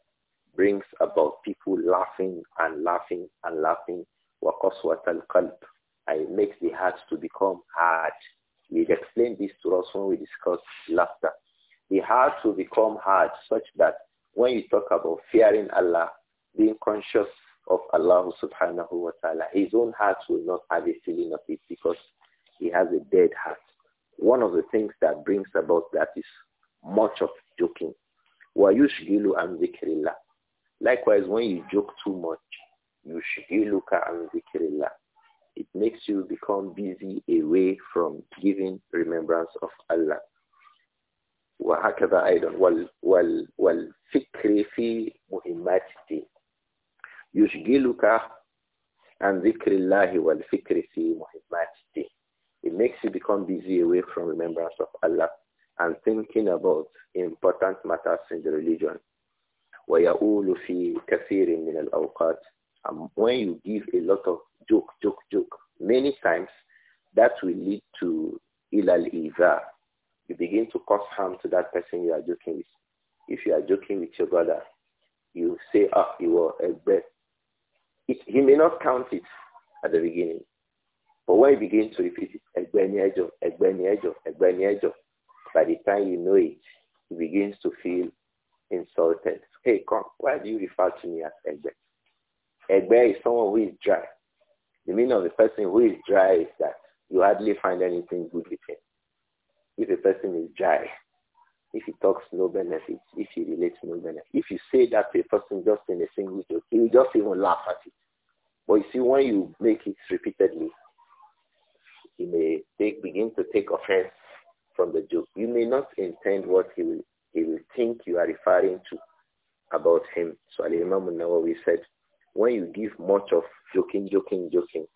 brings about people laughing and laughing and laughing. وَقَصْوَةَ الْقَلْبِ it makes the heart to become hard. We explained this to us when we discussed laughter. The heart to become hard such that when you talk about fearing Allah, being conscious of Allah subhanahu wa ta'ala, his own heart will not have a feeling of it because he has a dead heart. One of the things that brings about that is much of joking. وَيُشْغِلُ عَنْ ذِكْرِ Likewise, when you joke too much, يُشْغِلُكَ عَنْ and اللَّهِ it makes you become busy away from giving remembrance of Allah. وهكذا أيضا وال وال والفكر في مهمات الدين يشغلك عن ذكر الله والفكر في مهمات الدين It makes you become busy away from remembrance of Allah and thinking about important matters in the religion. ويؤول في كثير من الأوقات and um, when you give a lot of joke, joke, joke, many times, that will lead to ilal iza. You begin to cause harm to that person you are joking with. If you are joking with your brother, you say, ah, you are a bad. It, he may not count it at the beginning. But when you begin to repeat it, Egbenyejo, Egbenyejo, Egbenyejo, by the time you know it, he begins to feel insulted. Hey, come, why do you refer to me as bad? Egbe is someone who is dry. The meaning of the person who is dry is that you hardly find anything good with him. If a person is dry, if he talks no benefits, if he relates no benefits, if you say that to a person just in a single joke, he will just even laugh at it. But you see, when you make it repeatedly, he may take, begin to take offense from the joke. You may not intend what he will, he will think you are referring to about him. So Al-Imam al-Nawawi said, when you give much of joking, joking, joking,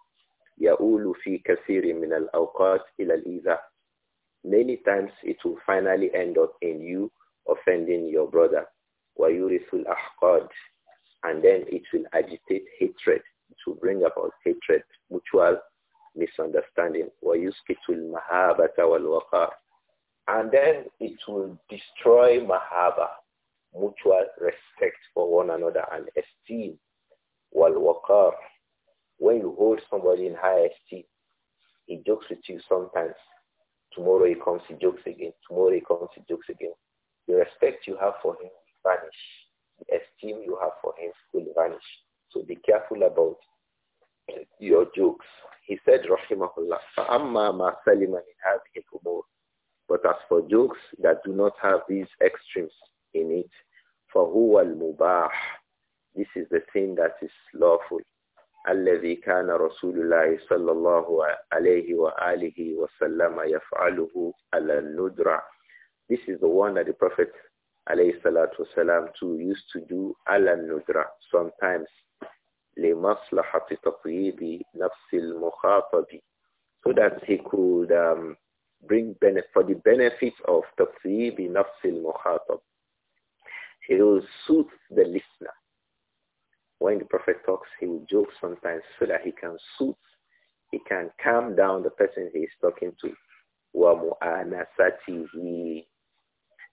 يَؤُولُ فِي كَثِيرٍ مِنَ الْأَوْقَاتِ إِلَى الْإِذَا Many times it will finally end up in you offending your brother. وَيُرِثُ الْأَحْقَادِ And then it will agitate hatred. It will bring about hatred, mutual misunderstanding. وَيُسْكِتُ الْمَهَابَةَ وَالْوَقَارِ And then it will destroy mahaba, mutual respect for one another and esteem wal-waqar. When you hold somebody in high esteem, he jokes with you sometimes. Tomorrow he comes, he jokes again. Tomorrow he comes, he jokes again. The respect you have for him will vanish. The esteem you have for him will vanish. So be careful about your jokes. He said, Rahimahullah, But as for jokes that do not have these extremes in it, فَهُوَ الْمُبَاحِ this is the thing that is lawful. الذي كان رسول الله صلى الله عليه وآله وسلم يفعله على الندرة. This is the one that the Prophet عليه الصلاة والسلام too used to do على الندرة sometimes لمصلحة تطيب نفس المخاطب so that he could um, bring benefit for the benefit of تطيب نفس المخاطب. He will soothe the listener. When the Prophet talks, he will joke sometimes so that he can soothe, he can calm down the person he is talking to.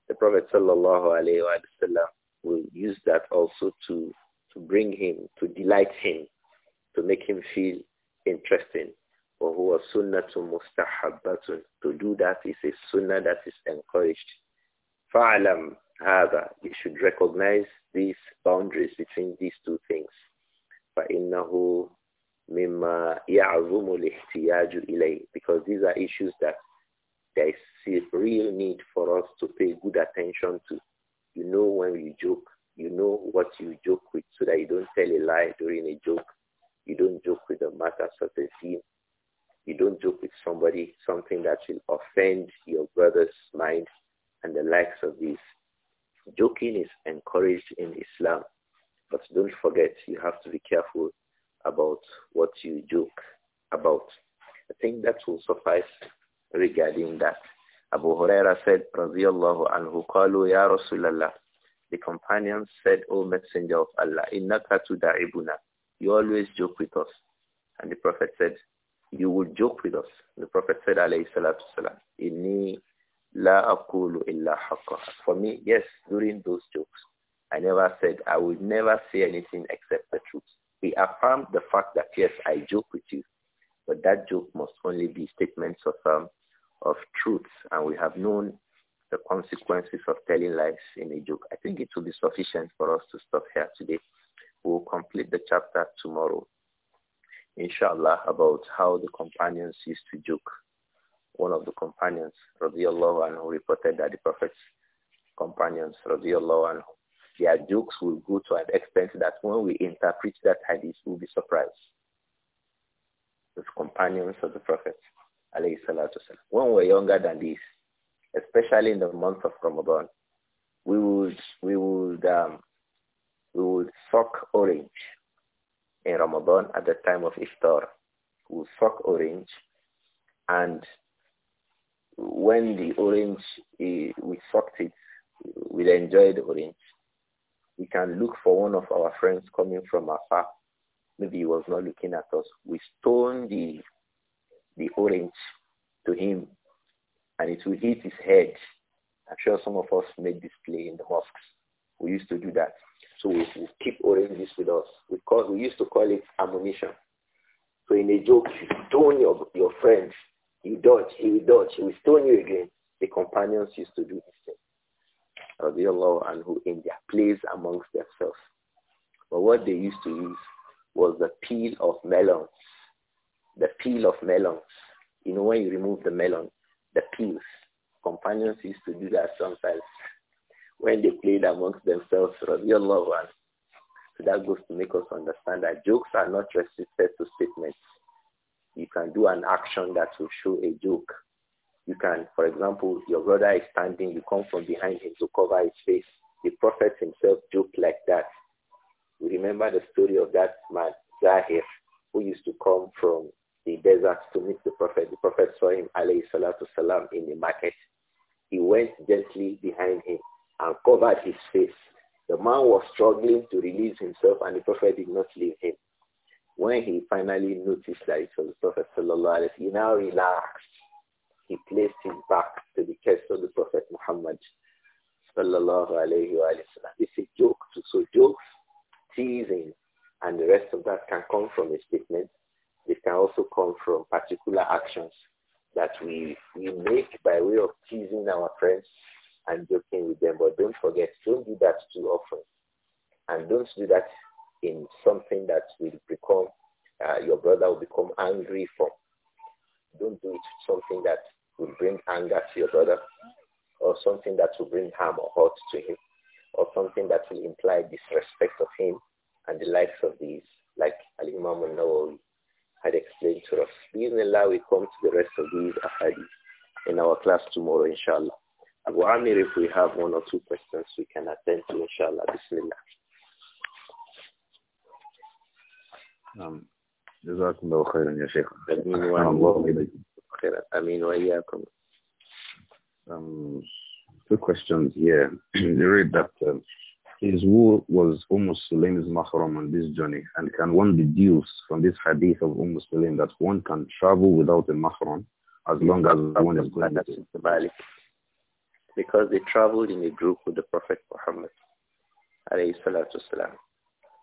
The Prophet sallallahu will use that also to, to bring him, to delight him, to make him feel interesting. وهو سنة مستحبة To do that is a sunnah that is encouraged you should recognize these boundaries between these two things فإنه مما يعظم الاحتياج إليه because these are issues that there is real need for us to pay good attention to. You know when you joke, you know what you joke with so that you don't tell a lie during a joke. You don't joke with a matter of the sin. You don't joke with somebody, something that will offend your brother's mind and the likes of these. Joking is encouraged in Islam, but don't forget you have to be careful about what you joke about. I think that will suffice regarding that. Abu Huraira said, Radiallahu anhu, qalu ya Rasulallah. The companions said, O Messenger of Allah, innaka tuda'ibuna. You always joke with us. And the Prophet said, you will joke with us. The Prophet said, alayhi salatu salam, inni La akulu illa haqqa. For me, yes, during those jokes, I never said, I would never say anything except the truth. We affirmed the fact that, yes, I joke with you, but that joke must only be statements of, um, of truth. And we have known the consequences of telling lies in a joke. I think it will be sufficient for us to stop here today. We'll complete the chapter tomorrow, inshallah, about how the companions used to joke one of the companions, radiallahu anhu, reported that the Prophet's companions, radiallahu anhu, their jokes will go to an extent that when we interpret that hadith, we'll be surprised. The companions of the Prophet, alayhi salatu When we are younger than this, especially in the month of Ramadan, we would, we would, um, we would suck orange in Ramadan at the time of iftar. We'll suck orange and when the orange, uh, we sucked it, we enjoyed orange, we can look for one of our friends coming from afar. Maybe he was not looking at us. We stone the, the orange to him and it will hit his head. I'm sure some of us made this play in the mosques. We used to do that. So we, we keep oranges with us. We, call, we used to call it ammunition. So in a joke, you stone your, your friends would dodge, he would dodge, he will stone you again. The companions used to do this thing. and who in their plays amongst themselves. But what they used to use was the peel of melons. The peel of melons. You know when you remove the melon, the peels. Companions used to do that sometimes when they played amongst themselves, radiallahu anhu. So that goes to make us understand that jokes are not restricted to statements. You can do an action that will show a joke. You can, for example, your brother is standing, you come from behind him to cover his face. The prophet himself joked like that. We remember the story of that man, Zahir, who used to come from the desert to meet the prophet. The prophet saw him, alayhi salatu salam, in the market. He went gently behind him and covered his face. The man was struggling to release himself and the prophet did not leave him. When he finally noticed that it was the Prophet sallallahu he now relaxed. He placed his back to the chest of the Prophet Muhammad sallallahu alaihi wasallam. It's a joke. Too. So jokes, teasing, and the rest of that can come from a statement. It can also come from particular actions that we, we make by way of teasing our friends and joking with them. But don't forget, don't do that too often. And don't do that in something that will become, uh, your brother will become angry for. Don't do it something that will bring anger to your brother or something that will bring harm or hurt to him or something that will imply disrespect of him and the likes of these, like Al-Imam al-Nawawi had explained to us. Bismillah, we come to the rest of these ahadith in our class tomorrow, inshallah. Abu Amir, if we have one or two questions, we can attend to, inshallah. Bismillah. جزاكم الله خيرا يا شيخ امين واياكم um, two questions here. you read that uh, his wool was Umm Sulaim's mahram on this journey, and can one deduce from this hadith of almost Sulaim that one can travel without a mahram as long as one is going to Because they traveled in a group with the Prophet Muhammad, alayhi salatu salam.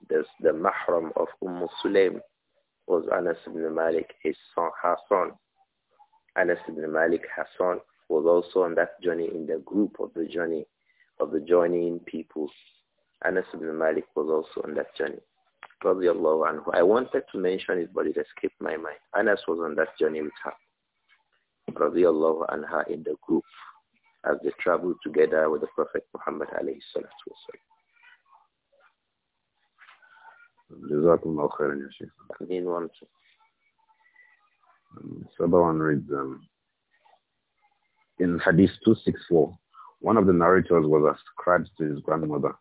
This, the mahram of Umm Sulaim was Anas ibn Malik, his son, her son. Anas ibn Malik, her son, was also on that journey in the group of the journey of the joining people. Anas ibn Malik was also on that journey. Anhu. I wanted to mention it, but it escaped my mind. Anas was on that journey with her. Radiallahu anha in the group as they traveled together with the Prophet Muhammad alayhi salatu wasalam. Jazakum al khairan, one, Sabawan reads, um, in Hadith 264, one of the narrators was ascribed to his grandmother.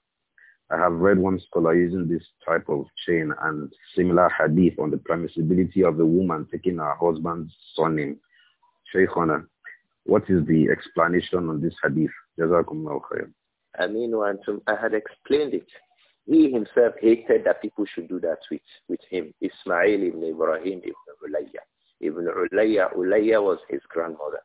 I have read one scholar using this type of chain and similar hadith on the permissibility of a woman taking her husband's surname. Shaykhana, what is the explanation on this hadith? Jazakum I mean, I had explained it. He himself hated that people should do that with, with him. Ismail ibn Ibrahim ibn Ulayya. Ibn Ulayya, Ulayya was his grandmother.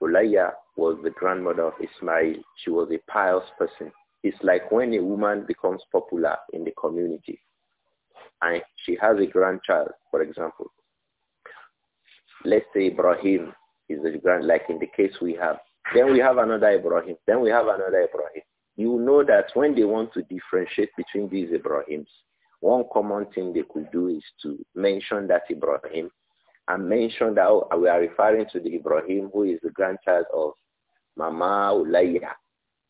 Ulayya was the grandmother of Ismail. She was a pious person. It's like when a woman becomes popular in the community and she has a grandchild, for example. Let's say Ibrahim is the grand, like in the case we have. Then we have another Ibrahim. Then we have another Ibrahim you will know that when they want to differentiate between these Ibrahims, one common thing they could do is to mention that Ibrahim and mention that oh, we are referring to the Ibrahim who is the grandchild of Mama Ulaya.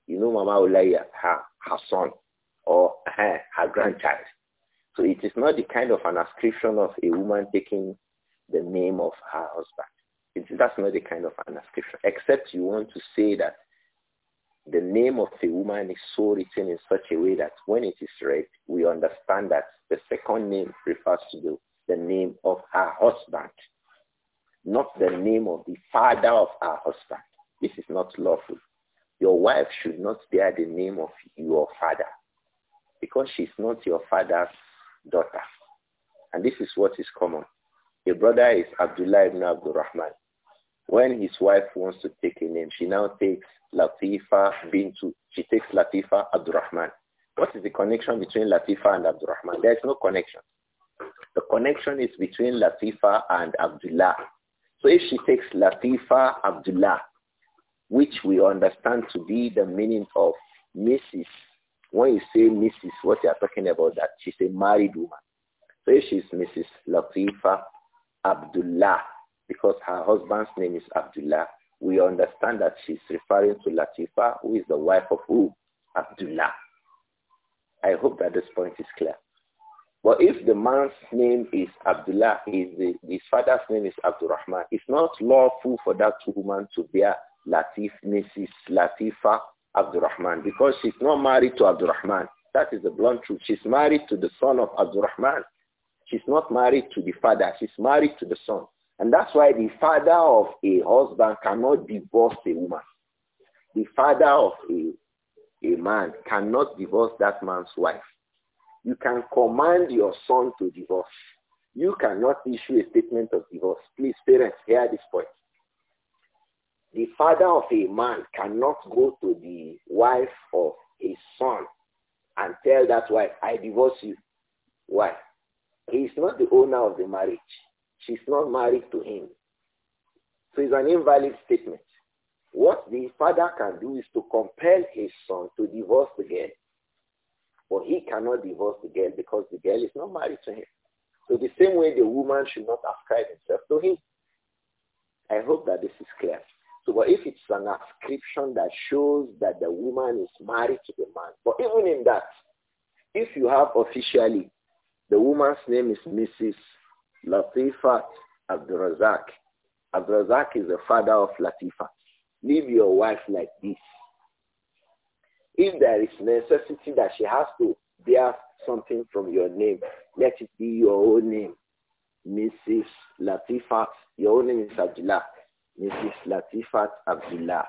You know Mama Ulaya, her, her son or her, her grandchild. So it is not the kind of an ascription of a woman taking the name of her husband. It, that's not the kind of an ascription, except you want to say that the name of a woman is so written in such a way that when it is read, we understand that the second name refers to the, name of her husband, not the name of the father of her husband. This is not lawful. Your wife should not bear the name of your father because she's not your father's daughter. And this is what is common. A brother is Abdullah ibn Abdul Rahman. When his wife wants to take a name, she now takes Latifa bintu. She takes Latifa Abdurrahman. What is the connection between Latifa and Abdurrahman? There is no connection. The connection is between Latifa and Abdullah. So if she takes Latifa Abdullah, which we understand to be the meaning of Mrs. When you say Mrs., what you are talking about that she's a married woman. So if she's Mrs. Latifa Abdullah, because her husband's name is Abdullah, we understand that she's referring to Latifa, who is the wife of who? Abdullah. I hope that this point is clear. But if the man's name is Abdullah, his, his father's name is Abdurrahman, it's not lawful for that woman to bear Latif, Mrs. Latifa Abdurrahman because she's not married to Abdurrahman. That is the blunt truth. She's married to the son of Abdurrahman. She's not married to the father. She's married to the son. And that's why the father of a husband cannot divorce a woman. The father of a, a man cannot divorce that man's wife. You can command your son to divorce. You cannot issue a statement of divorce. Please, parents, hear this point. The father of a man cannot go to the wife of his son and tell that wife, I divorce you. Why? He is not the owner of the marriage. She's not married to him. So it's an invalid statement. What the father can do is to compel his son to divorce the girl. But he cannot divorce the girl because the girl is not married to him. So the same way the woman should not ascribe herself to him. I hope that this is clear. So but if it's an ascription that shows that the woman is married to the man, but even in that, if you have officially, the woman's name is Mrs. Latifat Abdurazak. Abdurazak is the father of Latifa. Leave your wife like this. If there is necessity that she has to bear something from your name, let it be your own name. Mrs. Latifat, your own name is Abdullah. Mrs. Latifat Abdullah.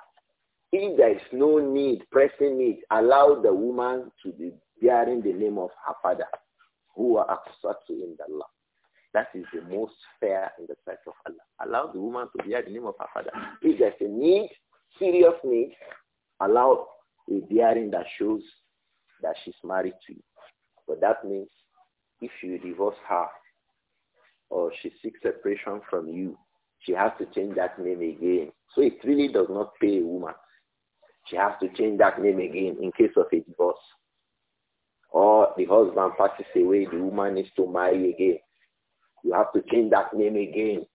If there is no need, pressing need, allow the woman to be bearing the name of her father, who are accepted in the law. That is the most fair in the sight of Allah. Allow the woman to bear the name of her father. If there's a need, serious need, allow a bearing that shows that she's married to you. But that means if you divorce her or she seeks separation from you, she has to change that name again. So it really does not pay a woman. She has to change that name again in case of a divorce. Or the husband passes away, the woman needs to marry again. You have to change that name again.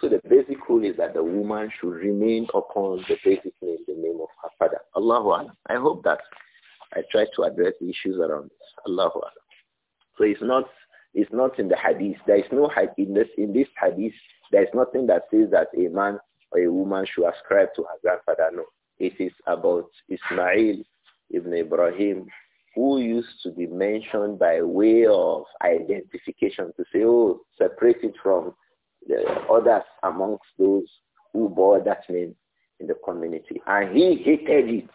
So the basic rule is that the woman should remain upon the basic name, the name of her father. Allahu Alam. I hope that I try to address the issues around this. Allahu Alam. So it's not it's not in the hadith. There is no in this in this hadith. There is nothing that says that a man or a woman should ascribe to her grandfather. No, it is about Ismail ibn Ibrahim who used to be mentioned by way of identification to say, oh, separate it from the others amongst those who bore that name in the community. And he hated it.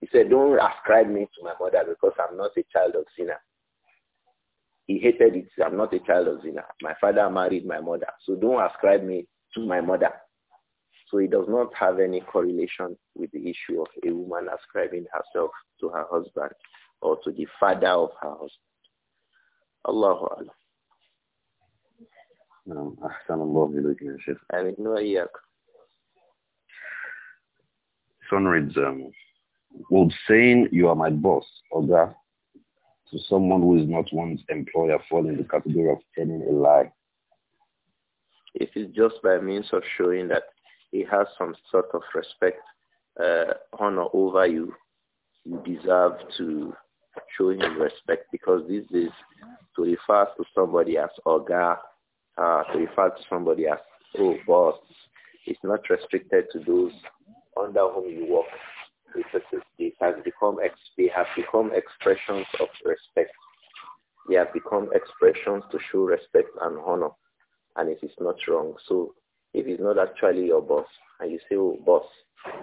He said, don't ascribe me to my mother because I'm not a child of sinner. He hated it. I'm not a child of sinner. My father married my mother. So don't ascribe me to my mother. So it does not have any correlation with the issue of a woman ascribing herself to her husband or to the father of her husband. Allahu Alam. نعم أحسن الله إليك يا شيخ آمين وإياك um, would saying you are my boss or that to someone who is not one's employer fall in the category of telling a lie? If it's just by means of showing that he has some sort of respect, uh, honor over you, you deserve to showing him respect because this is to refer to somebody as Oga, uh, to refer to somebody as oh boss. It's not restricted to those under whom you work. It has become they have become expressions of respect. They have become expressions to show respect and honor, and it is not wrong. So if it's not actually your boss, and you say oh boss,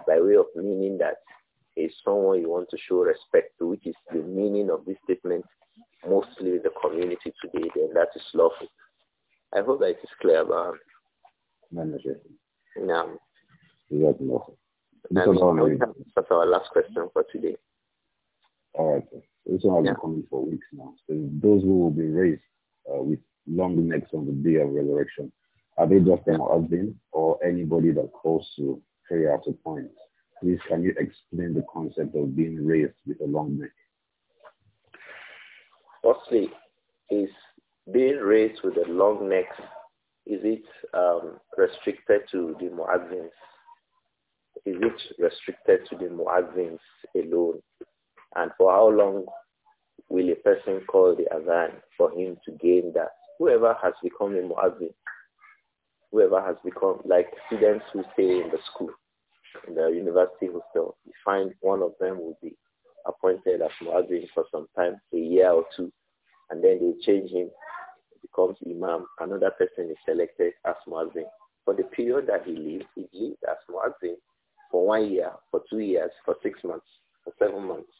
by way of meaning that is someone you want to show respect to, which is the meaning of this statement mostly in the community today, then that is lawful. I hope that it is clear but. manager. Um, yeah. we, have, that's our last question for today. All right. This one has been coming for weeks now. So those who will be raised uh, with long necks on the day of resurrection, are they just an husband or anybody that calls to prayer to point? please can you explain the concept of being raised with a long neck? Firstly, is being raised with a long neck, is it um, restricted to the muazzins? Is it restricted to the muazzins alone? And for how long will a person call the adhan for him to gain that? Whoever has become a muazzin, whoever has become like students who stay in the school, in the University Hostel, you find one of them will be appointed as Muazzin for some time, a year or two, and then they change him, becomes Imam. Another person is selected as Muazzin. For the period that he lives. he lives as Muazzin for one year, for two years, for six months, for seven months.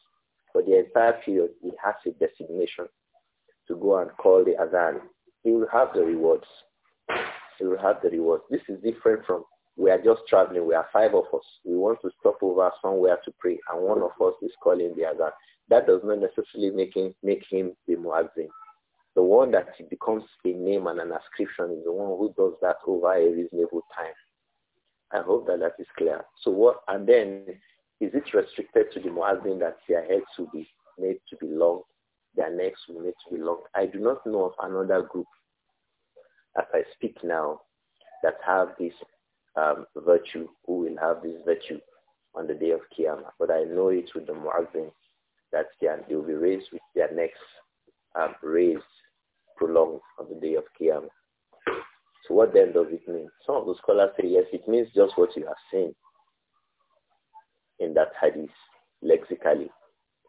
For the entire period, he has a designation to go and call the Adhan. He will have the rewards. He will have the rewards. This is different from we are just traveling. We are five of us. We want to stop over somewhere to pray, and one of us is calling the other. That does not necessarily make him, make him the muazzin. The one that becomes a name and an ascription is the one who does that over a reasonable time. I hope that that is clear. So what, and then is it restricted to the muazzin that their heads will be made to be long, their necks will be made to be long? I do not know of another group, as I speak now, that have this um, virtue, who will have this virtue on the day of Qiyamah. But I know it with the Muazzin that they will be raised with their necks um, raised, prolonged on the day of Qiyamah. So what then does it mean? Some of the scholars say, yes, it means just what you have seen in that hadith, lexically.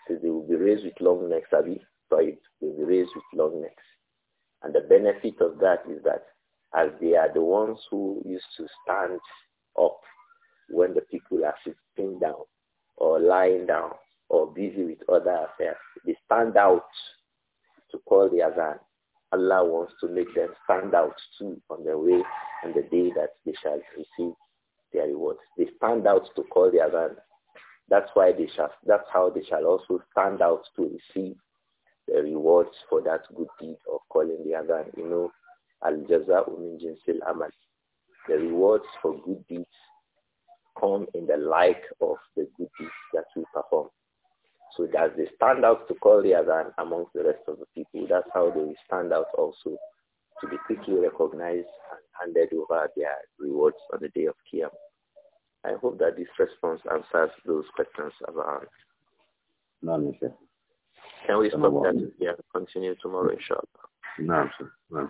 says so they will be raised with long necks, Abi, so they will be raised with long necks. And the benefit of that is that as they are the ones who used to stand up when the people are sitting down or lying down or busy with other affairs. They stand out to call the Azan. Allah wants to make them stand out too on their way and the day that they shall receive their reward. They stand out to call the Azan. That's why they shall, that's how they shall also stand out to receive the rewards for that good deed of calling the Azan. You know, Al-jaza'u min jinsil amal. The rewards for good deeds come in the like of the good deeds that we perform. So as they stand out to call the other amongst the rest of the people, that's how they stand out also to be quickly recognized and handed over their rewards on the day of Qiyam. I hope that this response answers those questions of ours. No, no, sir. Can we stop that? Yeah, continue tomorrow, inshallah. No, sir. No.